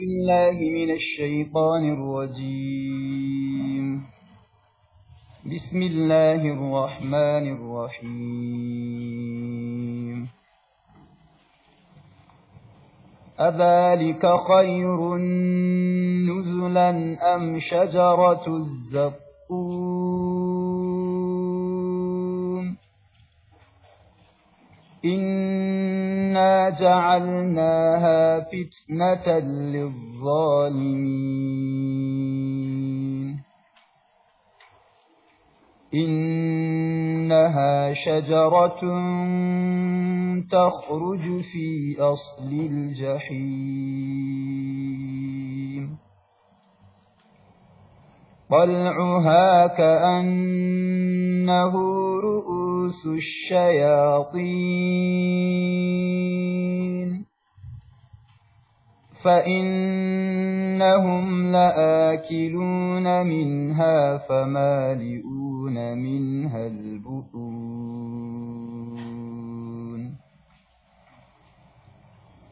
بالله من الشيطان الرجيم بسم الله الرحمن الرحيم أذلك خير نزلا أم شجرة الزقوم إنا جعلناها فتنة للظالمين إنها شجرة تخرج في أصل الجحيم طلعها كأنه رؤوس الشياطين فإنهم لآكلون منها فمالئون منها البطون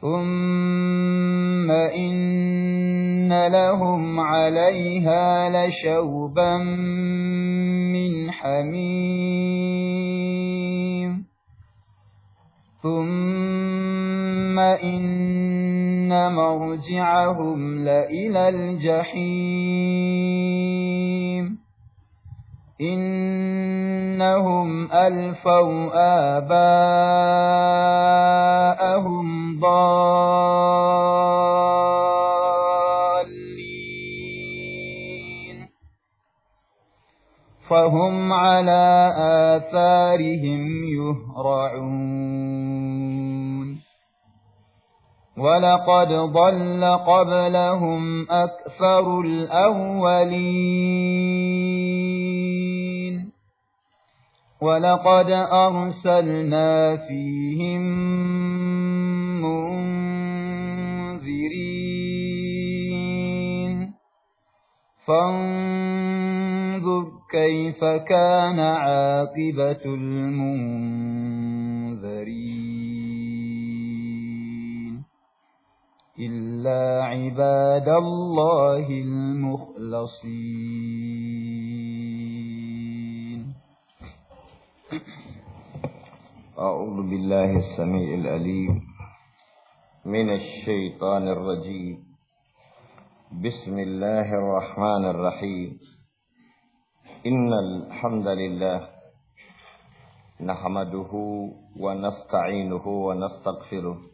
ثم إن لهم عليها لشوبا من حميم ثم إن مرجعهم لإلى الجحيم إنهم ألفوا آباءهم ضالين فهم على آثارهم يهرعون ولقد ضل قبلهم أكثر الأولين ولقد أرسلنا فيهم منذرين فانظر كيف كان عاقبة المنذرين إلا عباد الله المخلصين أعوذ بالله السميع الأليم من الشيطان الرجيم بسم الله الرحمن الرحيم إن الحمد لله نحمده ونستعينه ونستغفره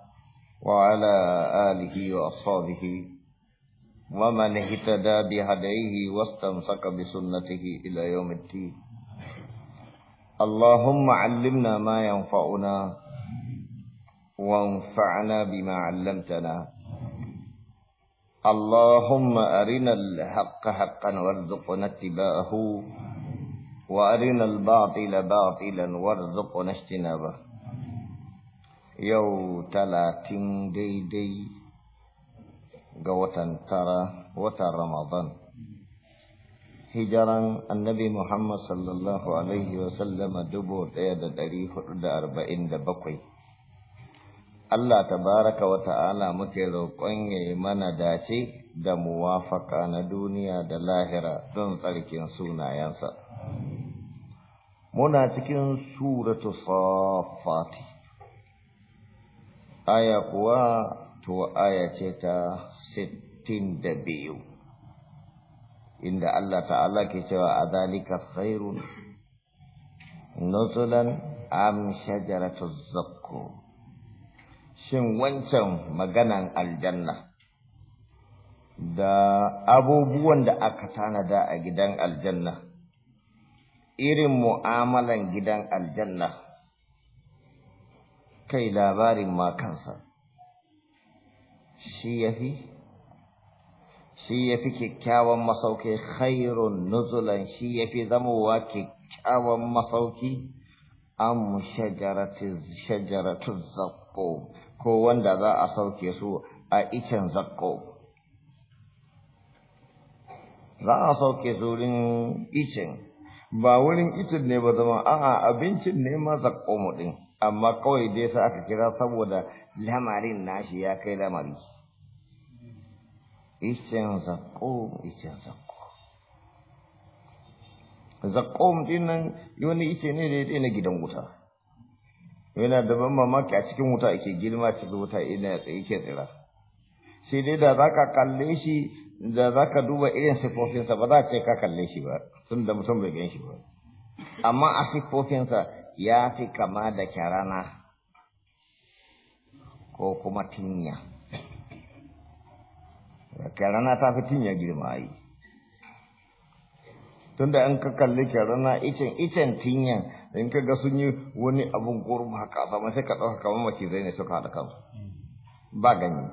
وعلى آله وأصحابه ومن اهتدى بهديه واستمسك بسنته إلى يوم الدين اللهم علمنا ما ينفعنا وانفعنا بما علمتنا اللهم أرنا الحق حقا وارزقنا اتباعه وأرنا الباطل باطلا وارزقنا اجتنابه yau talatin daidai ga watan tara watan ramadan hijiran annabi muhammad sallallahu alaihi wasallama dubu ɗaya da ɗari hudu da arba'in da bakwai Allah tabaraka wa ta'ala muke roƙon ya yi mana dace da muwafaka na duniya da lahira don tsarkin sunayensa. Muna cikin suratu safati aya kuwa to aya ce ta 62 inda Allah ta'ala ke cewa adalika khairun nuzulan am shajaratu zakku shin wancan maganan aljanna da abubuwan da aka tanada a gidan aljanna irin mu'amalan gidan aljanna kai labarin makansa, kansa shi yafi shi fi kyakkyawan masauki khairun nuzulan shi ya yafi zamowa kyakkyawan masauki an shajaratu shajaratu ko wanda za a sauke su a icen zakko, za a sauke su wurin icen ba wurin icen ne ba zama a'a abincin ne ma mu din amma kawai dai sa aka kira saboda lamarin nashi ya kai lamari iccen zakkum iccen zakkum zakkum din nan wani ice ne da ya na gidan wuta yana da ban mamaki a cikin wuta ake girma cikin wuta ina tsaye ke tsira sai dai da za ka kalle shi da za ka duba irin siffofinsa ba za ka ce ka kalle shi ba tun da mutum bai gan shi ba amma a siffofinsa ya fi kama da kyarana ko kuma tinya kyarana ta fi tinya girma yi tunda in ka kalli kyarana icen tinya in ka ga sun yi wani abun gurma haka sama sai ka ɗauka kamar mace zai ne suka haɗa kansu ba ganye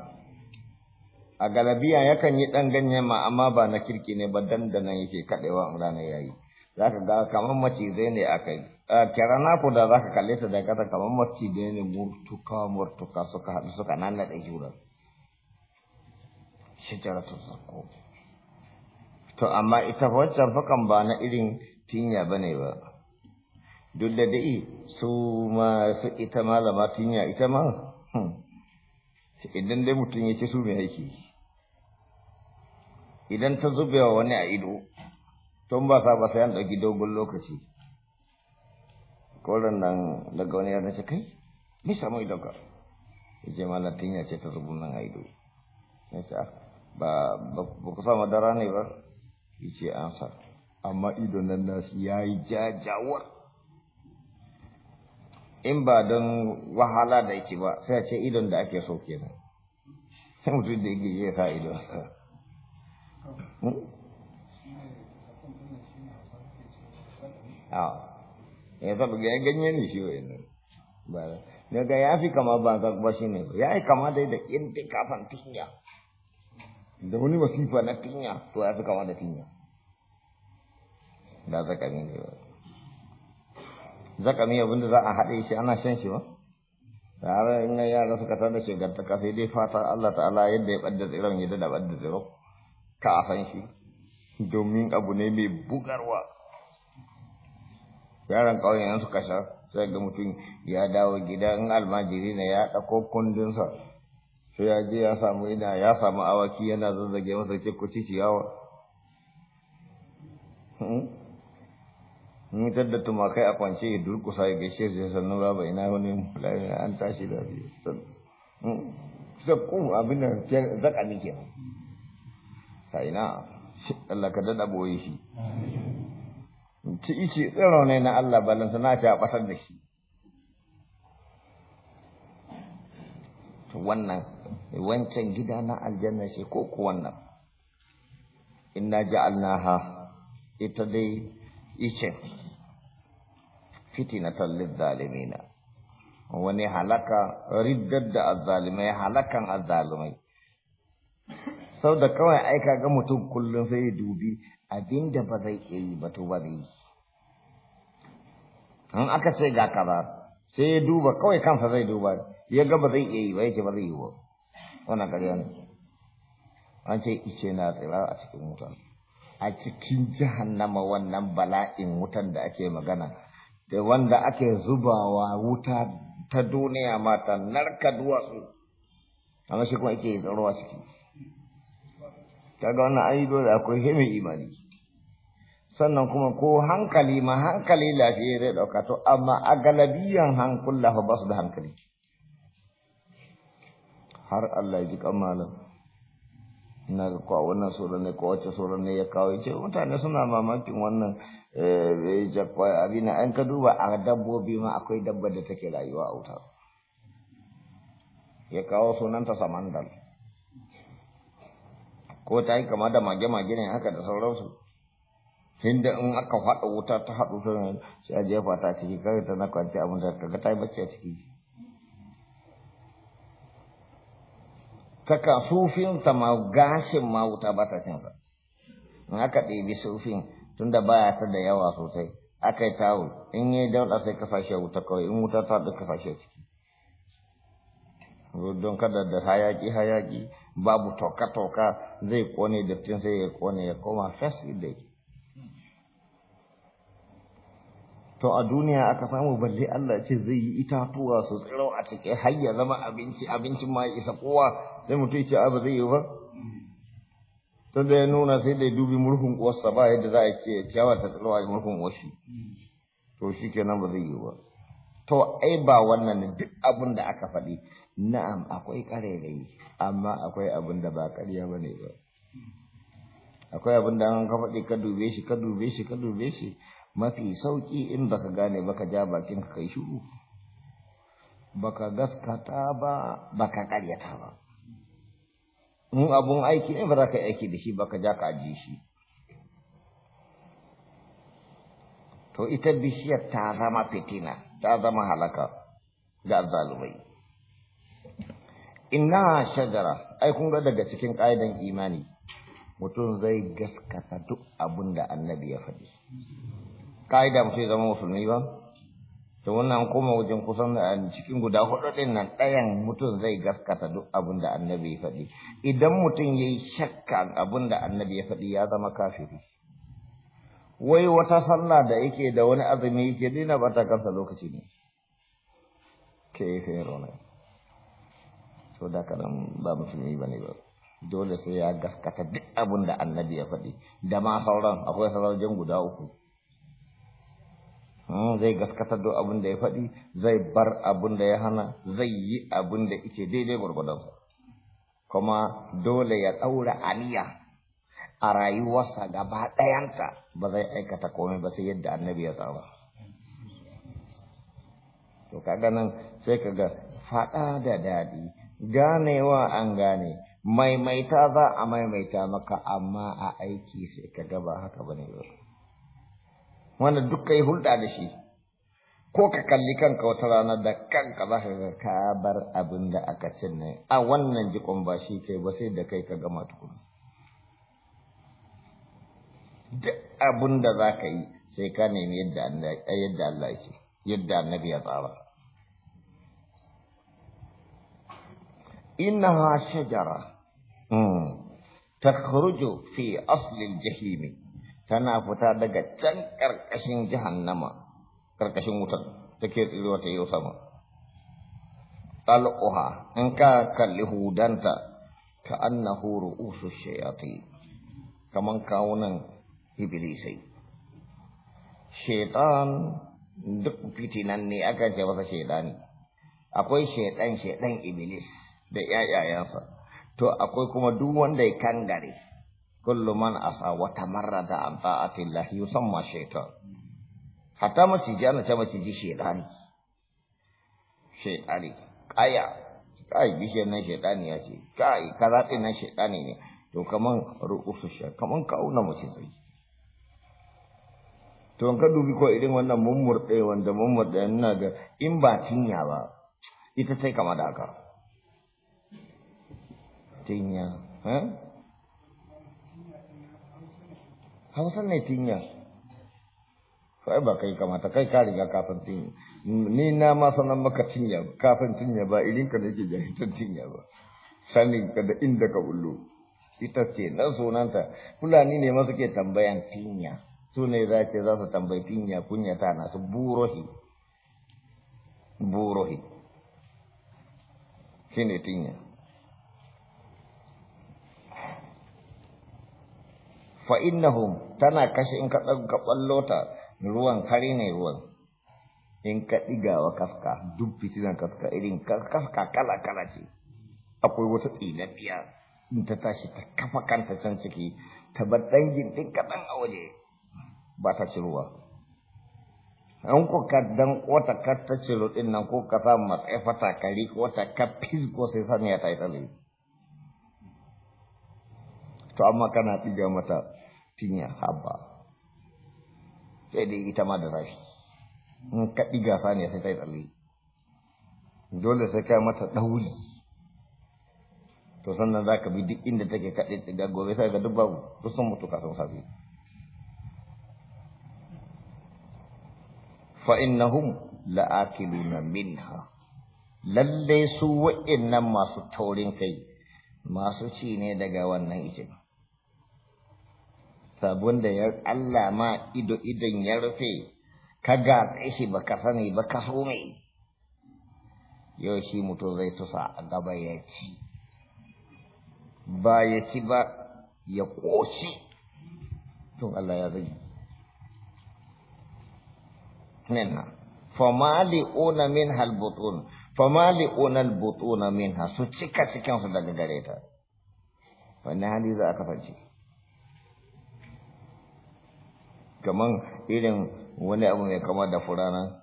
a galabiya yakan yi ɗan ganye ma amma ba na kirki ne ba dandanan yake kaɗewa in rana ya yi za ka ga kamar mace zai ne aka yi kiranaku da za ka kalle ta da kasa kamar mace da ne murtuka murtuka suka haɗu suka nannaɗe jura shajaratun zakko to amma ita wancan fakan ba na irin tinya ba ne ba duk da dai su ma su ita malama tinya ita ma idan dai mutum ya ce su mai aiki idan ta zubewa wani a ido tun ba sa ba sai an ɗauki dogon lokaci kolon nang daga wani yana ce kai me samu ido ka yace malatin ya ce ta rubu nan a ido ba ba ku sa madara ne ba yace an sa amma idon nan nasu yayi jajawar in ba don wahala da yake ba sai a ce idon da ake so kenan sai mutum da yake ya sa idon a ya sabu ga ganye ne shi ne ba ga ya fi kama ba ta ba shi ne ya yi kama dai da ta kafan tinya da wani wasifa na tinya to ya fi kama da tinya da zakami ne ba zakami abinda za a haɗe shi ana shan shi ba tare in yara suka shigar ta kasai dai fata Allah ta'ala yadda ya ɓadda tsiron yadda da ɓadda tsiron ka a san shi domin abu ne mai bugarwa yaran ƙauyen in suka sai ga mutum ya dawo gida in almajiri ne ya ɗauko kundinsa sai ya je ya samu ina ya samu awaki yana zazzage masa ce ku ci ciyawa in ta da tumakai a kwance ya durkusa ya gaishe su ya sannu ba ina wani fulani an tashi da zakkum hmm? abin da zaka nike ka ina Allah ka dada boye shi ci ici tsaro ne na Allah balanta na ta batar da shi wannan wancan gida na aljanna ce ko ku wannan inna ja'alnaha ita dai ice fitinatan lidzalimina wani halaka riddar da azzalimai halakan azzalimai sau da kawai aika ga mutum kullum sai ya dubi abinda ba zai iya yi ba to ba zai yi in aka ce ga kaza sai ya duba kawai kansa zai duba ya ga ba zai iya yi ba ba zai yi ba wannan ƙarya ne an ce ice na tsira a cikin wutan a cikin jahannama wannan bala'in wutan da ake magana da wanda ake zubawa wuta ta duniya mata narka duwatsu amma shi kuma ake tsaro a ciki ga wani ayi dole akwai hemi imani sannan kuma ko hankali ma hankali lafiya zai ɗauka to amma a galabiyan hankula ba su da hankali har Allah ya ji kamalan na ga kwa wannan tsoron ne kowace tsoron ne ya kawo ce mutane suna mamakin wannan eh, abin na an ka duba a dabbobi ma akwai dabba da take rayuwa a wuta ya kawo sunanta samandal ko ta yi kama da mage-mage ne haka da sauransu inda in aka faɗa wuta ta haɗu ta sai a jefa ta ciki kawai na kwanci abin da kaga ta yi bacci a ciki taka sufin ta ma gashin ma wuta ba ta cin sa in aka ɗebi sufin tunda baya ta da yawa sosai aka yi tawul in yi dauɗa sai kasashe wuta kawai in wuta ta haɗu kasashe ciki don kada da hayaki hayaki babu toka toka zai kone dattin sai ya kone ya koma fes da yake to a duniya aka samu balle Allah ce zai yi itatuwa su tsiro a cikin har ya zama abinci abincin ma isa kowa sai mutum ce ba zai yi ba to da ya nuna sai da dubi murhun uwarsa ba yadda za a ce ciyawa ta tsiro a murhun Washi. to shi ke nan ba zai yi ba to ai ba wannan duk abin da aka faɗi na'am akwai ƙarairayi amma akwai abin da ba ƙarya ba ne ba akwai abin da an ka faɗi ka dube shi ka dube shi ka dube shi mafi sauƙi in ba ka gane ba ka ja bakin ka kai shiru ka gaskata ba ba ka karyata ba in abun aiki ne ba za ka aiki da shi ba ka ja ka ji shi to ita bishiyar ta zama fitina ta zama halaka ga zalumai inna shajara ai kun ga daga cikin ƙa'idan imani mutum zai gaskata duk abin da annabi ya faɗi ka'ida mutum sai zama musulmi ba to wannan kuma wajen kusan eh, cikin guda hudu din nan ɗayan mutum zai gaskata duk abin da annabi ya faɗi idan mutum ya yi shakka abin da annabi ya faɗi ya zama kafiri wai wata sallah da yake da wani azumi yake dina ba ta kansa lokaci ne ke fero ne so da kanan ba musulmi ba ne ba dole sai ya gaskata duk abin da annabi ya faɗi da ma sauran akwai sauran guda uku Hmm, zai gaskatar da abin da ya faɗi zai bar abin da ya hana zai yi abin da ike daidai gwargwadonsa kuma dole ya ɗaura aniya a rayuwarsa gaba ɗayanta ba zai aikata komai ba sai yadda annabi ya tsara to kaga nan sai kaga faɗa da daɗi ganewa an gane maimaita za a maimaita maka amma a aiki sai ka gaba haka bane ba wanda duk kai hulɗa da shi ko ka kalli kanka wata rana da kanka za ka ga ka bar abin da aka cin ne a wannan jikon ba shi kai ba sai da kai ka gama tukun duk abin da za ka yi sai ka nemi yadda Allah yake yadda annabi ya tsara innaha shajara takhruju fi asli al tana fita daga can ƙarƙashin jahannama ƙarƙashin wutar take tsirowa ta yau sama talquha in ka kalli hudanta ka huru usu shayatin kaman kawunan iblisai shaitan duk fitinan ne aka ce masa shaitani akwai shaitan shaitan iblis da yayayansa to akwai kuma duk wanda ya kangare kullu man asa wa tamarrada an ta'ati Allah yusamma shaytan hatta maciji ana ce maciji shaytani shaytani kaya kai bishiyar nan shaytani ya ce kai kaza din nan shaytani ne to kaman ru'usu shay kaman kauna sai to an ka dubi ko irin wannan mummurde wanda mummurde ina ga in ba tinya ba ita sai kama da haka tinya eh hausa ne tinya sai ba kai kamata kai ka riga kafin tinya ni na ma sanan maka tinya kafin tinya ba irin ka ne ke jahilcin tinya ba sanin ka da inda ka bullo ita ce na sunanta fulani ne ma suke tambayan tinya su ne za ce za su tambayi tinya kunya ta na su burohi burohi shine tinya fa innahum tana kashe in ka ɗauka ƙwallo ta ruwan kare ne ruwan in ka ɗigawa kaska duk fitinan kaska irin kaska kala kala ce akwai wata tsinabiya in ta tashi ta kafa kanta can ciki ta bar dangin ɗin kaɗan a waje ba ta ci ruwa an ko ka dan kota ka ta ci ɗin nan ko ka sa matsafa ta kari ko ta ka fizgo sai saniya ta yi tsalle to amma kana ɗiga mata tinya haba sai dai ita ma da zafi in ka gasa ne sai ta yi tsalle dole sai kai mata ɗauri to sannan za ka bi duk inda take kaɗe daga gobe sai ga duk babu duk sun mutu kasan safe fa innahum la'akiluna minha lalle su wa'annan masu taurin kai masu ci ne daga wannan icin sabon da ya Allah ma ido idan ya rufe ka ga shi ba ka sani ba ka so mai yau shi mutum zai tusa a gaba ya ci ba ya ci ba ya ƙoshi tun Allah ya zai nan famali'una min halbutun famali'una albutuna minha su cika cikin su daga gare ta wani hali za a kasance kaman irin wani abu mai kama da furana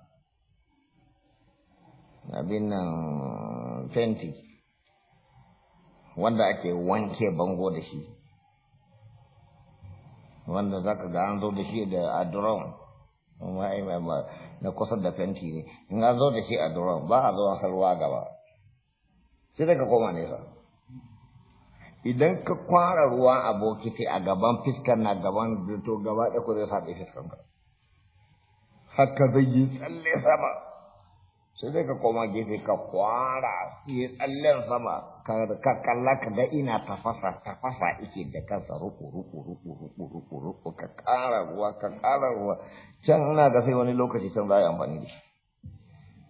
abin nan fenti wanda ake wanke bango da shi wanda za ka ga an zo da shi da a drone na kusa da fenti ne in an zo da shi a drone ba a zo a salwa gaba sai daga koma nesa idan ka kwara ruwa a bokiti a gaban fiskar na gaban to gaba da ku zai sabe fiskar ka haka zai yi tsalle sama sai dai ka koma gefe ka kwara yi tsallen sama ka kalla ka ga ina tafasa tafasa ike da kansa ruku ruku ruku ruku ruku ruku ka kara ruwa ka kara ruwa can ina ga sai wani lokaci can za a yi amfani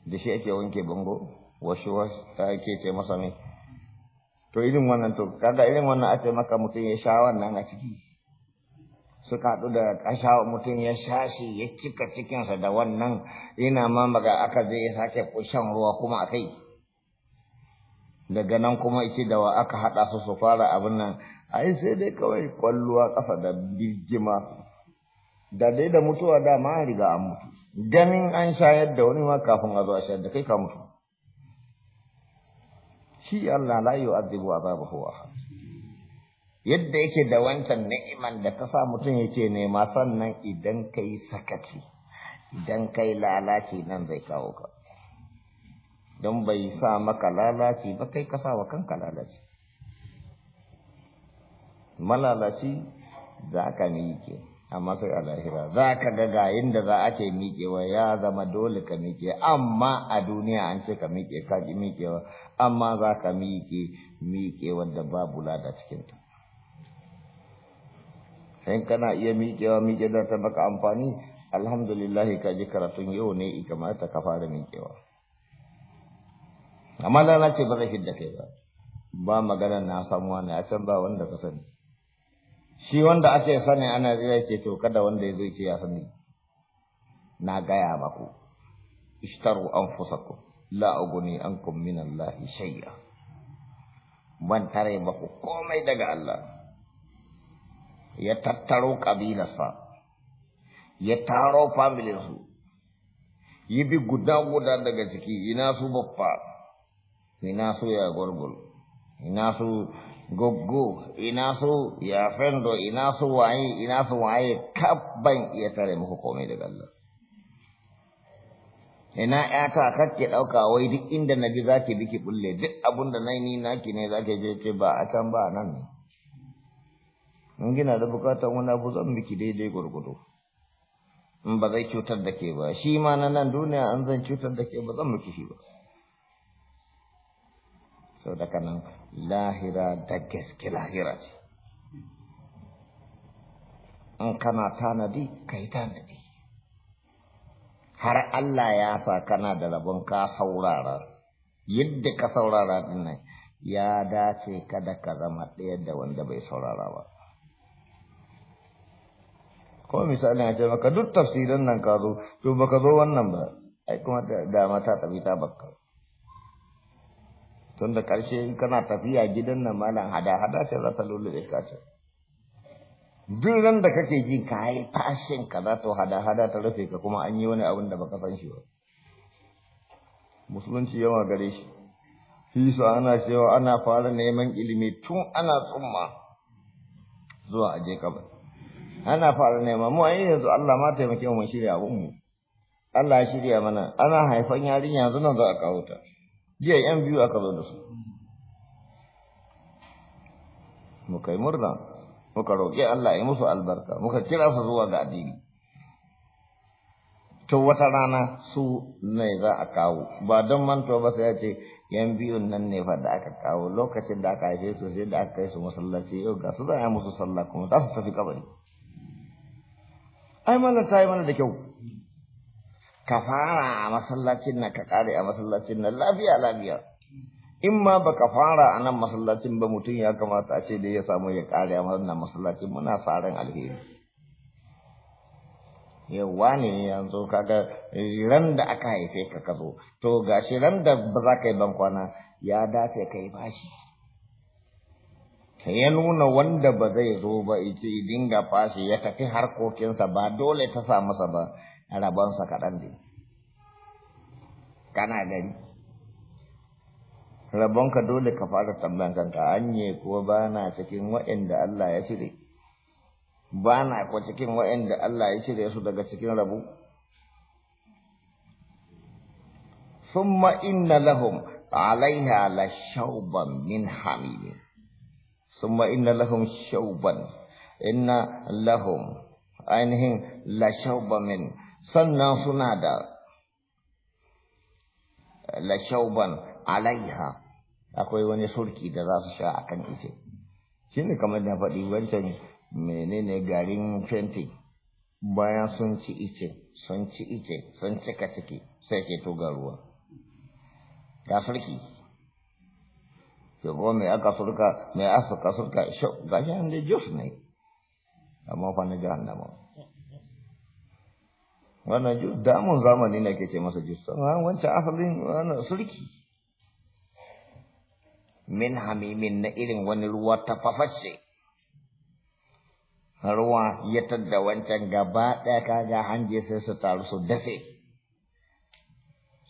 da shi da shi ake wanke bango wasu wasu ta ake ce masa mai to irin wannan to kaga irin wannan a ce maka mutum ya sha wannan a ciki suka haɗu da ƙasha mutum ya sha shi ya cika cikinsa da wannan yana ma maga aka je ya sake shan ruwa kuma a kai daga nan kuma ice da wa aka haɗa su su fara abin nan ai sai dai kawai kwalluwa ƙasa da birgima da dai da mutuwa da ma riga an mutu ganin an shayar da wani ma kafin a zo a shayar da kai ka mutu shi Allah la yu'adhibu azabahu ahad yadda yake da wancan ni'iman da ta sa mutum yake nema sannan idan kai sakaci idan kai lalaci nan zai kawo ka don bai sa maka lalaci ba kai ka sa wa kanka lalaci malalaci za ka miƙe amma sai a lahira za ka ga inda za a ke miƙewa ya zama dole ka miƙe amma a duniya an ce ka miƙe ka miƙewa amma za ka miƙe miƙe wanda babu lada cikinta in kana iya miƙewa miƙe da ta baka amfani alhamdulillah ka ji karatun yau ne i kamata ka fara miƙewa amma ce ba zai hidda kai ba ba magana na samu wani a can ba wanda ka sani shi wanda ake sani ana zai ce to kada wanda ya zo ce ya sani na gaya maku ishtaru anfusakum la uguni ankum min Allah shay'a man tare ba ku komai daga Allah ya tattaro kabilarsa ya taro familinsu yi bi guda guda daga ciki ina su babba ina su ya gurgul ina su goggo ina su ya fendo ina su waye ina su waye kabban iya tare muku komai daga Allah ina ƴata kake ɗauka wai duk inda na bi zaki bi ki bulle duk abun da nai ni naki ne zaki je ce ba a can ba nan ne gina da bukatar wani abu zan miki daidai gurgudu in ba zai cutar da ke ba shi ma na nan duniya an zan cutar da ke ba zan miki shi ba sau da kanan lahira da gaske lahira ce in kana tanadi ka yi tanadi har Allah ya sa kana da rabon ka saurara yadda ka saurara dinnan ya dace kada ka zama ɗaya da wanda bai saurara ba ko misali a ce maka duk tafsirin nan ka zo to baka zo wannan ba ai kuma da mata tabi ta baka. tun da ƙarshe kana tafiya gidan nan malam hada hada ce za ta lullu ka ce duk ran da kake jin ka yi ka da to hada hada ta rufe ka kuma an yi wani abin da baka san shi ba musulunci yawa gare shi Hisa ana cewa ana fara neman ilimi tun ana tsumma zuwa aje kabar. Ana fara neman mu ai yanzu Allah ma taimake mu shirya abun mu. Allah ya shirya mana ana haifan yarinya yanzu nan za a kawo ta. Jiya yan biyu aka zo da su. Mu kai murna. muka roƙi Allah ya musu albarka muka kira su zuwa ga addini to wata rana su ne za a kawo ba don manto ba sai ya ce yan biyun nan ne fa da aka kawo lokacin da aka haife su sai da aka kai su masallaci yau ga su za a musu sallah kuma za su tafi kabari ai mallan ta yi mana da kyau ka fara a masallacin nan ka kare a masallacin na lafiya lafiya in ma baka fara a nan masallacin ba mutum ya kamata a ce da ya samu ya kare a wannan masallacin muna tsarin alheri yawa ne yanzu kaga ran da aka haife ka ka zo to gashi ran da ba za ka yi bankwana ya dace ka yi bashi ya nuna wanda ba zai zo ba ita dinga fashi ya tafi harkokinsa ba dole ta sa masa ba rabonsa kaɗan ne kana gari rabonka dole ka fara tambayan kanka anye ko ba na cikin wa'anda Allah ya shirye ba na ko cikin wa'anda Allah ya shirye su daga cikin rabu thumma inna lahum alaiha la shauban min hamim thumma inna lahum shauban inna lahum ainihin la shauban min sannan suna da la shauban alaiha akwai wani surki da za su sha a kan ise shi ne kamar da faɗi wancan menene garin fenti bayan sun ci ice sun ci ice sun cika ciki sai ke toga ruwa ga surki ke mai aka surka mai aka surka shi ga shi hannun da jos ne amma fa na jahannama wannan jus damun zamani na ke ce masa jus wancan asalin wannan surki min hamimin na irin wani ruwa ta fafashe ruwa ya tadda wancan gaba ɗaya kaga hanje sai su taru su dafe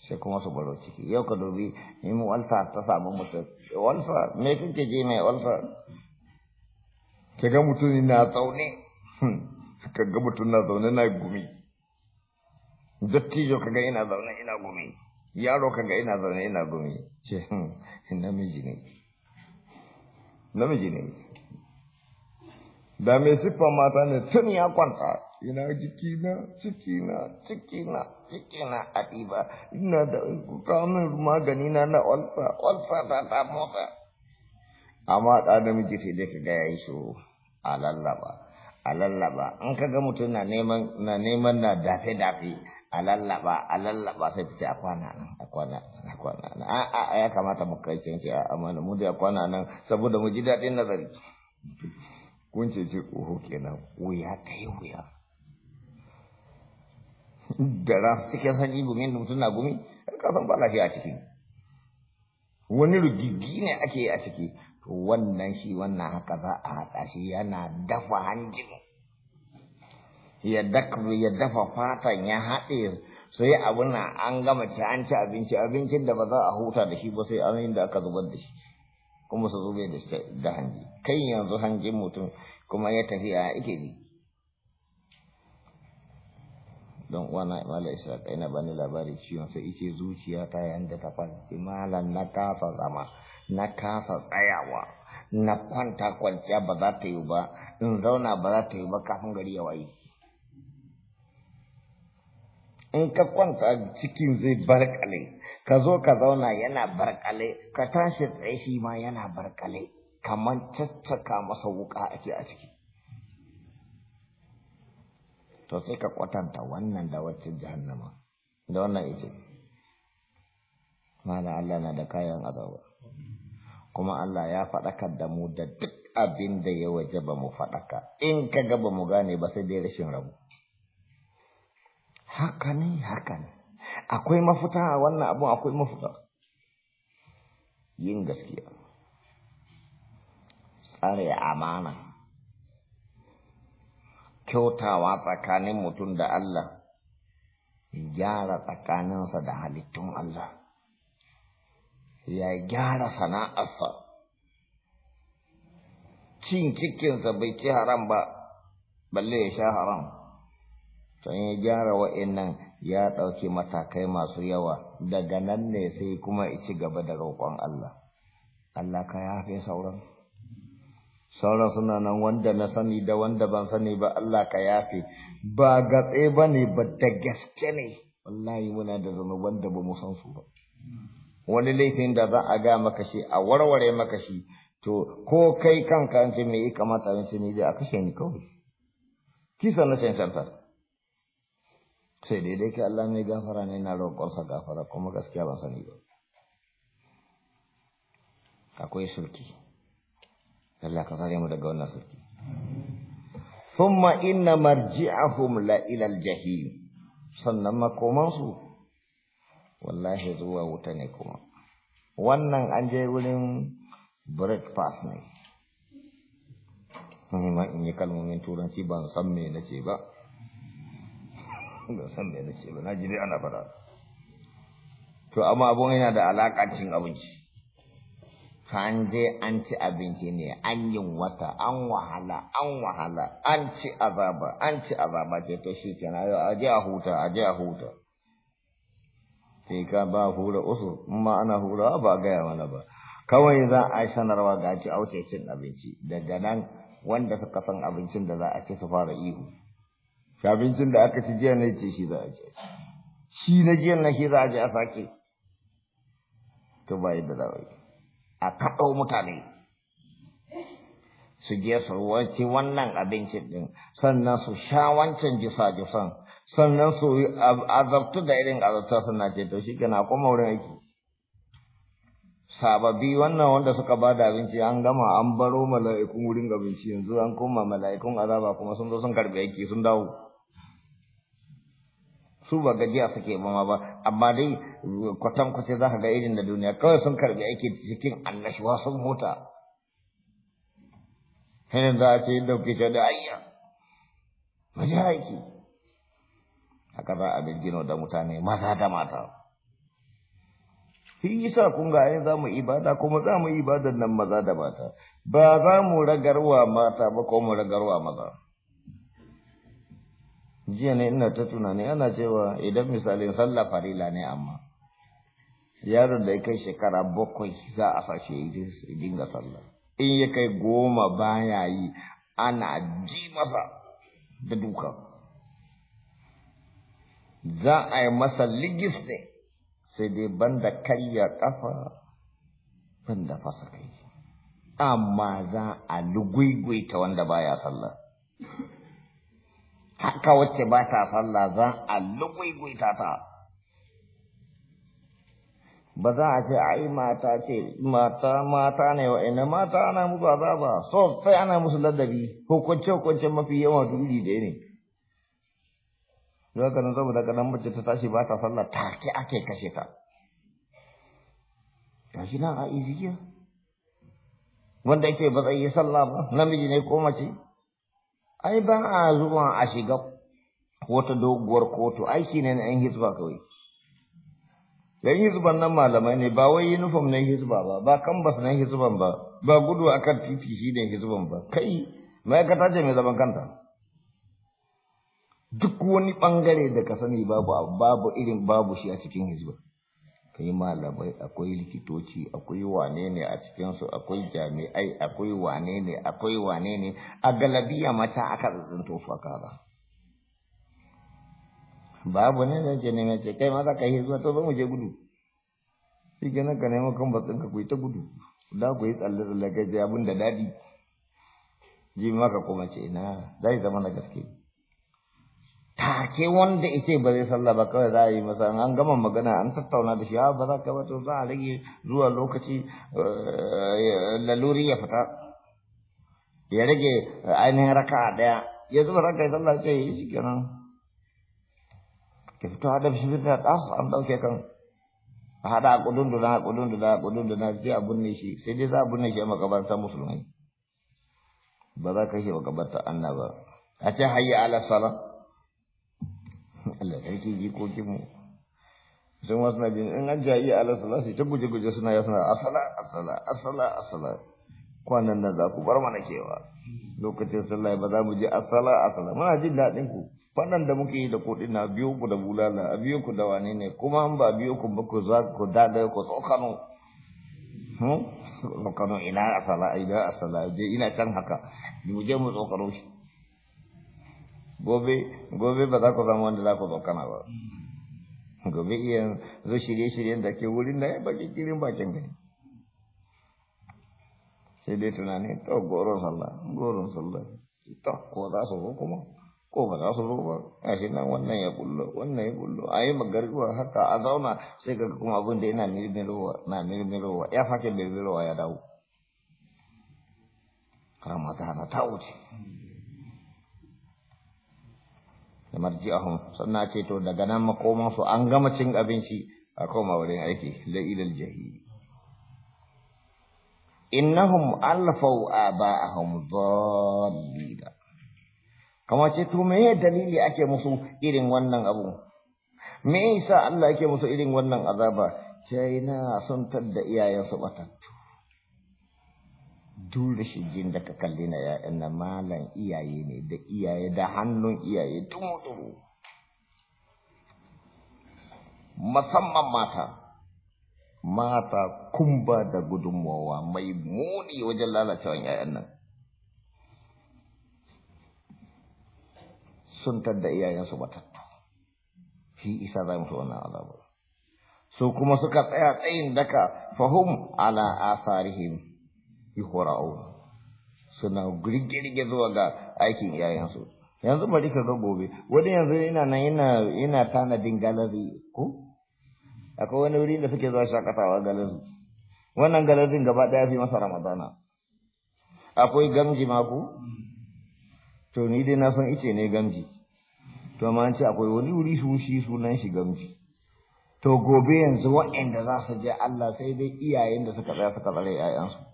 sai kuma su baro ciki yau ka dubi mu walsa ta samu mutum walsa me kake je mai walsa ka mutum na tsaune hmm, ka mutum na zaune na gumi dattijo ka ina zaune ina gumi yaro kaga ina zaune ina gumi ce hmm, namiji ne namiji ne da mai siffar mata ne tun ya kwanta ina jikina cikina cikina cikina a ɗiba ina da kamun magani na na olsa olsa ta ta motsa amma ɗa namiji sai dai ka ga yayi so a lallaba a lallaba in ka ga mutum na neman na dafe dafe a lallaba a lallaba sai fice a kwana nan a kwana nan a kwana nan a a ya kamata mu kai kenke a amana mu da kwana nan saboda mu ji daɗin nazari kun ce ce oho kenan wuya ta yi wuya da ran cikin sanyi gumi da mutum na gumi ka san ba lafiya a ciki wani rugigi ne ake yi a ciki to wannan shi wannan haka za a haɗa shi yana dafa hanjin ya dafa fatan ya haɗe sai abin nan an gama ci an ci abinci abincin da ba za a huta da shi ba sai an yi da aka zubar da shi kuma su zube da hanji kai yanzu hanjin mutum kuma ya tafi a ike ji don uwana mala israka yana bani labari ciwon sai ice zuciya ta yanda ta kwanci malam na kasa zama na kasa tsayawa na kwanta kwanciya ba za ta yi ba in zauna ba za ta yi ba kafin gari ya waye in ka kwanta cikin zai barkale ka zo ka zauna yana barkale ka tashi tsaye ma yana barkale kamar caccaka masa wuka ake a ciki to sai ka kwatanta wannan da wacce jahannama da wannan ita mana Allah na da kayan azaba kuma Allah ya faɗakar da mu da duk abin da ya waje ba mu faɗaka in ka ga ba mu gane ba sai dai rashin rabu haka ne haka ne akwai mafuta a wannan abun akwai mafuta yin gaskiya tsare amana kyautawa tsakanin mutum da Allah gyara tsakaninsa da halittun Allah ya gyara sana'arsa cin cikinsa bai ci haram ba balle ya sha haram can ya gyara wa'annan ya ɗauki matakai masu yawa daga nan ne sai kuma ci gaba da roƙon Allah Allah ka yafe sauran sauran suna nan wanda na sani da wanda ban sani ba Allah ka yafe ba gatse ba ne ba da gaske ne wallahi muna da zanuban da ba mu san su ba wani laifin da za a ga maka shi a warware maka shi to ko kai kanka an ce me ya kamata an ce ni dai a kashe ni kawai kisa na cancanta sai dai dai ke Allah mai gafara ne na roƙonsa gafara kuma gaskiya ban sani ba akwai sulki Allah ka kare mu daga wannan sulki thumma inna marji'ahum la ila al-jahim sannan makomansu wallahi zuwa wuta ne kuma wannan an je wurin breakfast ne muhimman in yi kalmomin turanci ban san me nace ba ban san me nace ba na dai ana fada to amma abun yana da alaƙa cin abinci an je an ci abinci ne an yin wata an wahala an wahala an ci azaba an ci azaba ce to shi kenan yau a je a huta a je a huta sai ka ba hura usu in ma ana hura ba gaya mana ba kawai za a sanarwa ga ci auce cin abinci daga nan wanda suka san abincin da za a ci su fara ihu abincin da aka ci jiya ne ce shi za a ci shi na jiya na shi za a ji a sake to ba yadda za a yi a kaɗau mutane su je su wace wannan abincin din sannan su sha wancan jusa-jusan sannan su azabtu da irin azabta suna ce to shi gana kuma wurin aiki sababi wannan wanda suka ba da abinci an gama an baro mala'ikun wurin abinci yanzu an koma mala'ikun azaba kuma sun zo sun karɓi aiki sun dawo su ba gajiya suke ba ba amma dai kwatan kwace za ka ga irin da duniya kawai sun karbi aiki cikin annashuwa sun huta hanyar za a ce yi dauke ce da ayya ba ji aiki haka za a gino da mutane maza da mata shi yi kun ga za mu ibada kuma za mu ibadan nan maza da mata ba za mu ragarwa mata ba ko mu ragarwa maza jiya ne ina ta tunani ana cewa idan misalin sallah farila ne amma yaron da ya kai shekara bakwai za a sashe ya dinga sallah in ya kai goma baya yi ana ji masa da duka za a yi masa ligis ne sai dai banda karya kafa banda fasa kai amma za a lugwigwita wanda baya sallah haka wacce ba ta sallah za a lugwaigwaita ta ba za a ce ai mata ce mata mata ne wa ina mata ana musu azaba so sai ana musu ladabi hukunci-hukunci mafi yawan duri da ne Yau kanan saboda kanan mace ta tashi ba ta sallah take ake kashe ta. shi nan a iziya. Wanda yake ba zai yi sallah ba namiji ne ko mace. ai ba a zuwa a shiga wata doguwar kotu aiki ne na yan hizba kawai yan hizban nan malamai ne ba wai uniform na Hisba ba ba kambas na hizban ba ba gudu akan titi shi ne hizban ba kai ma'aikata ce mai zaman kanta duk wani bangare da ka sani babu babu irin babu shi a cikin hizba akwai malamai akwai likitoci akwai wane ne a cikinsu akwai jami'ai akwai wane ne akwai wane ne a galabiya mata aka tsinto faka ba babu ne zan ce neman ce kai maza ka yi zuwa to zama je gudu shi ke ka nemo kan batsin ka ta gudu da ku yi tsalle tsalle gajiya abin da daɗi ji maka kuma ce ina zai zama na gaske take wanda yake ba zai sallah ba kawai za a yi masa an gama magana an tattauna da shi ah, ba za ka ba to za a rage zuwa lokaci eh, laluri ya fita ya rage ainihin raka a ɗaya ya zuba raka ya sallah ce yi shi kenan ki fito hada shi da ɗas an ɗauke kan a haɗa a duna a ƙudunduna a ƙudunduna sai a binne shi sai dai za a binne shi a makabartar musulmai ba za ka shi makabartar annaba a ce hayya ala salam Allah ko jikokin mu sun wasu na jin in an jayi ala sala su ta guje guje suna ya suna asala asala asala asala kwanan nan za ku bar mana kewa lokacin sallah ba za mu je asala asala muna jin daɗin ku Kwanan da muke yi da kuɗi na biyo ku da bulala a biyo ku da wane ne kuma an ba biyo ku ba ku za ku dada ku tsokano hmm? tsokano ina asala ina asala je ina can haka mu je mu tsokano shi gobe gobe ba za ku zama wanda za ku zaukana ba gobe iya zo shirye-shiryen da ke wurin da ya baki kirin bakin gani sai dai tunani to goron sallah goron sallah to ko za su zo kuma ko ba za su zo ba a shi nan wannan ya bullo wannan ya bullo a yi magarguwa haka a zauna sai ga kuma abin da yana mirmirowa na mirmirowa ya sake mirmirowa ya dawo ramadana ta wuce da marji'ahum sannan ce to daga nan makoman su an gama cin abinci a koma wurin aiki la ilal jahili innahum alfau aba'ahum kamar ce to me dalili ake musu irin wannan abu me yasa Allah yake musu irin wannan azaba sai na sun tadda su batattu tura shigin da ka kalli na ya'yan na malan iyaye ne da iyaye da hannun iyaye dumu musamman mata mata kumba da gudunmowa mai muni wajen lalacewan ya'yan nan sun tadda iyayensu matattu shi isa za mu wannan azabu su kuma suka tsaya tsayin daka fahim ala asarihim yuhra'una suna girgirge zuwa ga aikin 'ya'yansu. yanzu bari ka ga gobe wani yanzu ina nan ina ina tanadin galazi, ko akwai wani wuri da suke zuwa shakatawa galazi. wannan galazin gaba daya fi masa ramadana akwai gamji ma to ni dai na san ice ne gamji to amma an ce akwai wani wuri su shi sunan shi gamji to gobe yanzu wa'anda za su je Allah sai dai iyayen da suka tsaya suka tsare 'ya'yansu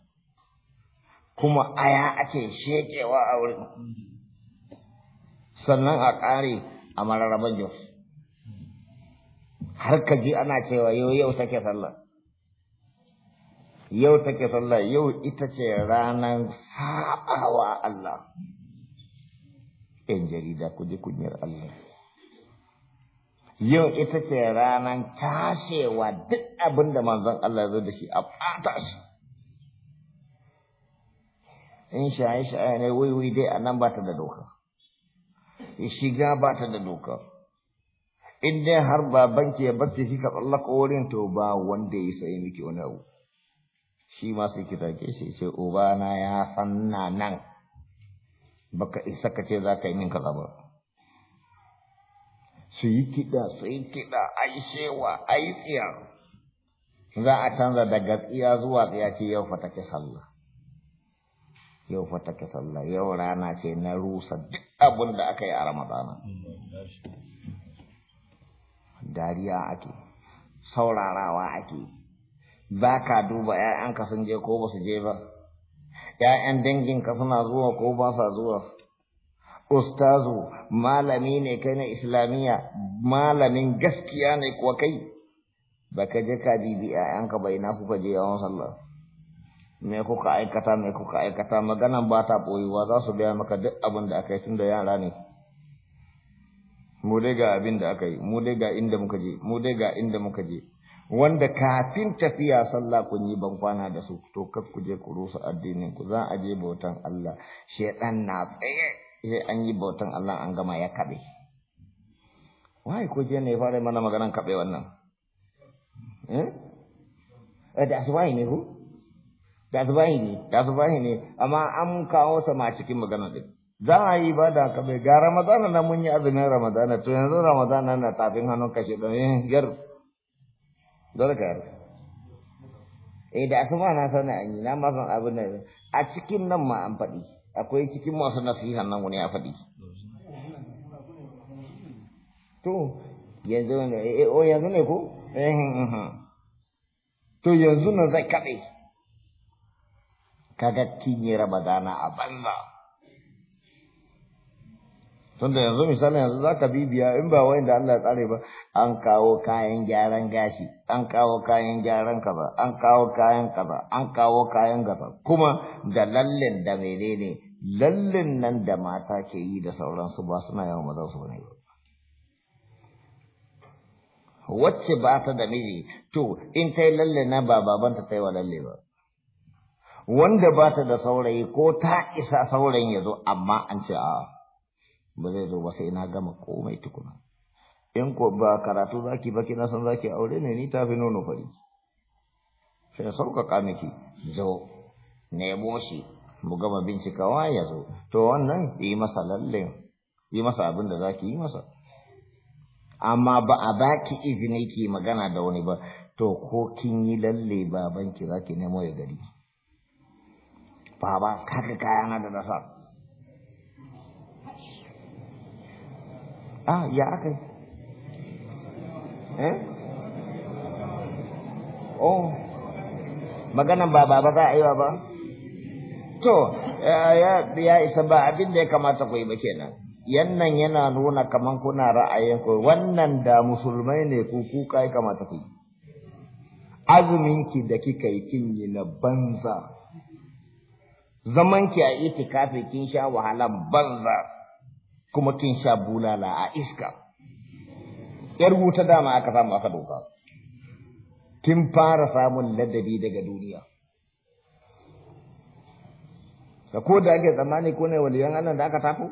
kuma aya ake shekewa a wurin sannan a ƙare a mararaban jos har ka ji ana cewa yau yau take sallah yau take sallah yau ita ce ranar sa'awa Allah ‘yan jarida ku ji kunyar Allah yau ita ce ranar tashewa duk abin da manzon Allah zai da shi a fata shi in shaye-shaye ne wai dai a nan ba ta da doka shiga ba ta da doka in dai har ba banki ya barci shi ka tsallaka wurin to ba wanda ya sayi miki wani abu shi ma sai ki take shi ce na ya san na nan baka isa ka ce za ka yi min kaza ba su yi kiɗa su yi kiɗa ai shewa ai tsiya za a canza daga tsiya zuwa tsiya ce yau fa take sallah yau fa take sallah yau rana ce na rusa duk abin da aka yi a ramadana dariya ake saurarawa ake ba ka duba ‘ya'yanka sun je ko ba su je ba ‘ya'yan danginka suna zuwa ko ba sa zuwa ustazu malami ne kai na islamiyya malamin gaskiya ne kuwa kai ba ka je ka bibi ‘ya'yanka bai na kuka je yawon sallah me kuka aikata me kuka aikata maganan ba ta boyuwa za su gaya maka duk abin da aka yi tun da yara ne mu dai ga abin da aka yi mu dai ga inda muka je mu dai ga inda muka je wanda kafin tafiya sallah kun yi ban kwana da su to kar ku je ku rusa addinin ku za a je bautan Allah shedan na tsaye sai an yi bautan Allah an gama ya kabe wai ko je ne fara mana maganan kabe wannan eh da eh, wai ne ku da zubahi ne tasu zubahi ne amma an kawo sa ma cikin magana din za a yi ba da kabe ga ramadana na mun yi azumin ramadana to yanzu ramadana na tafin hannun kashe don yin eh, yar dole ka yarda eh da asuba na sanin an yi na ma san abin nan a cikin nan ma an faɗi akwai cikin masu nasihan nan wani ya faɗi to yanzu ne eh, eh o oh, yanzu ne ko eh, eh to yanzu na zai kaɗai kaga kinyi ramadana a banza tunda yanzu misali yanzu za ka bibiya in ba wayan da Allah tsare ba an kawo kayan gyaran gashi an kawo kayan gyaran kaza an kawo kayan kaza an kawo kayan kaza kuma da lallen da menene lallen nan da mata ke yi da sauransu ba suna yawan maza su ne wacce ba ta da miji to in ta yi lalle na ba babanta ta yi wa lalle ba wanda ba ta da saurayi ko ta isa saurayin ya zo amma an ce a ba zai zo ba sai na gama komai tukuna in ko ba karatu zaki ba kina san zaki aure ne ni tafi nono fari sai sauƙaƙa miki zo nemo shi mu gama bincikawa ya zo to wannan yi masa lalle yi masa abin da zaki yi masa amma ba a baki izini ki magana da wani ba to ko kin yi lalle babanki zaki nemo ya gari baba kekayaan kayana da ah ya Okay. eh oh Maka ba baba za a yi wa ba to ya isa ba abin da ya kamata ku yi ba kenan yannan yana nuna kaman kuna ra'ayin ku wannan da musulmai ne ku ku kai kamata ku yi azumin ki da kika yi kin yi na banza zaman ki a itikafi kin sha wahalan banza kuma kin sha bulala a iska yar wuta dama aka samu aka doka kin fara samun ladabi daga duniya da ko da ake tsammani ko ne waliyan Allah da aka tafi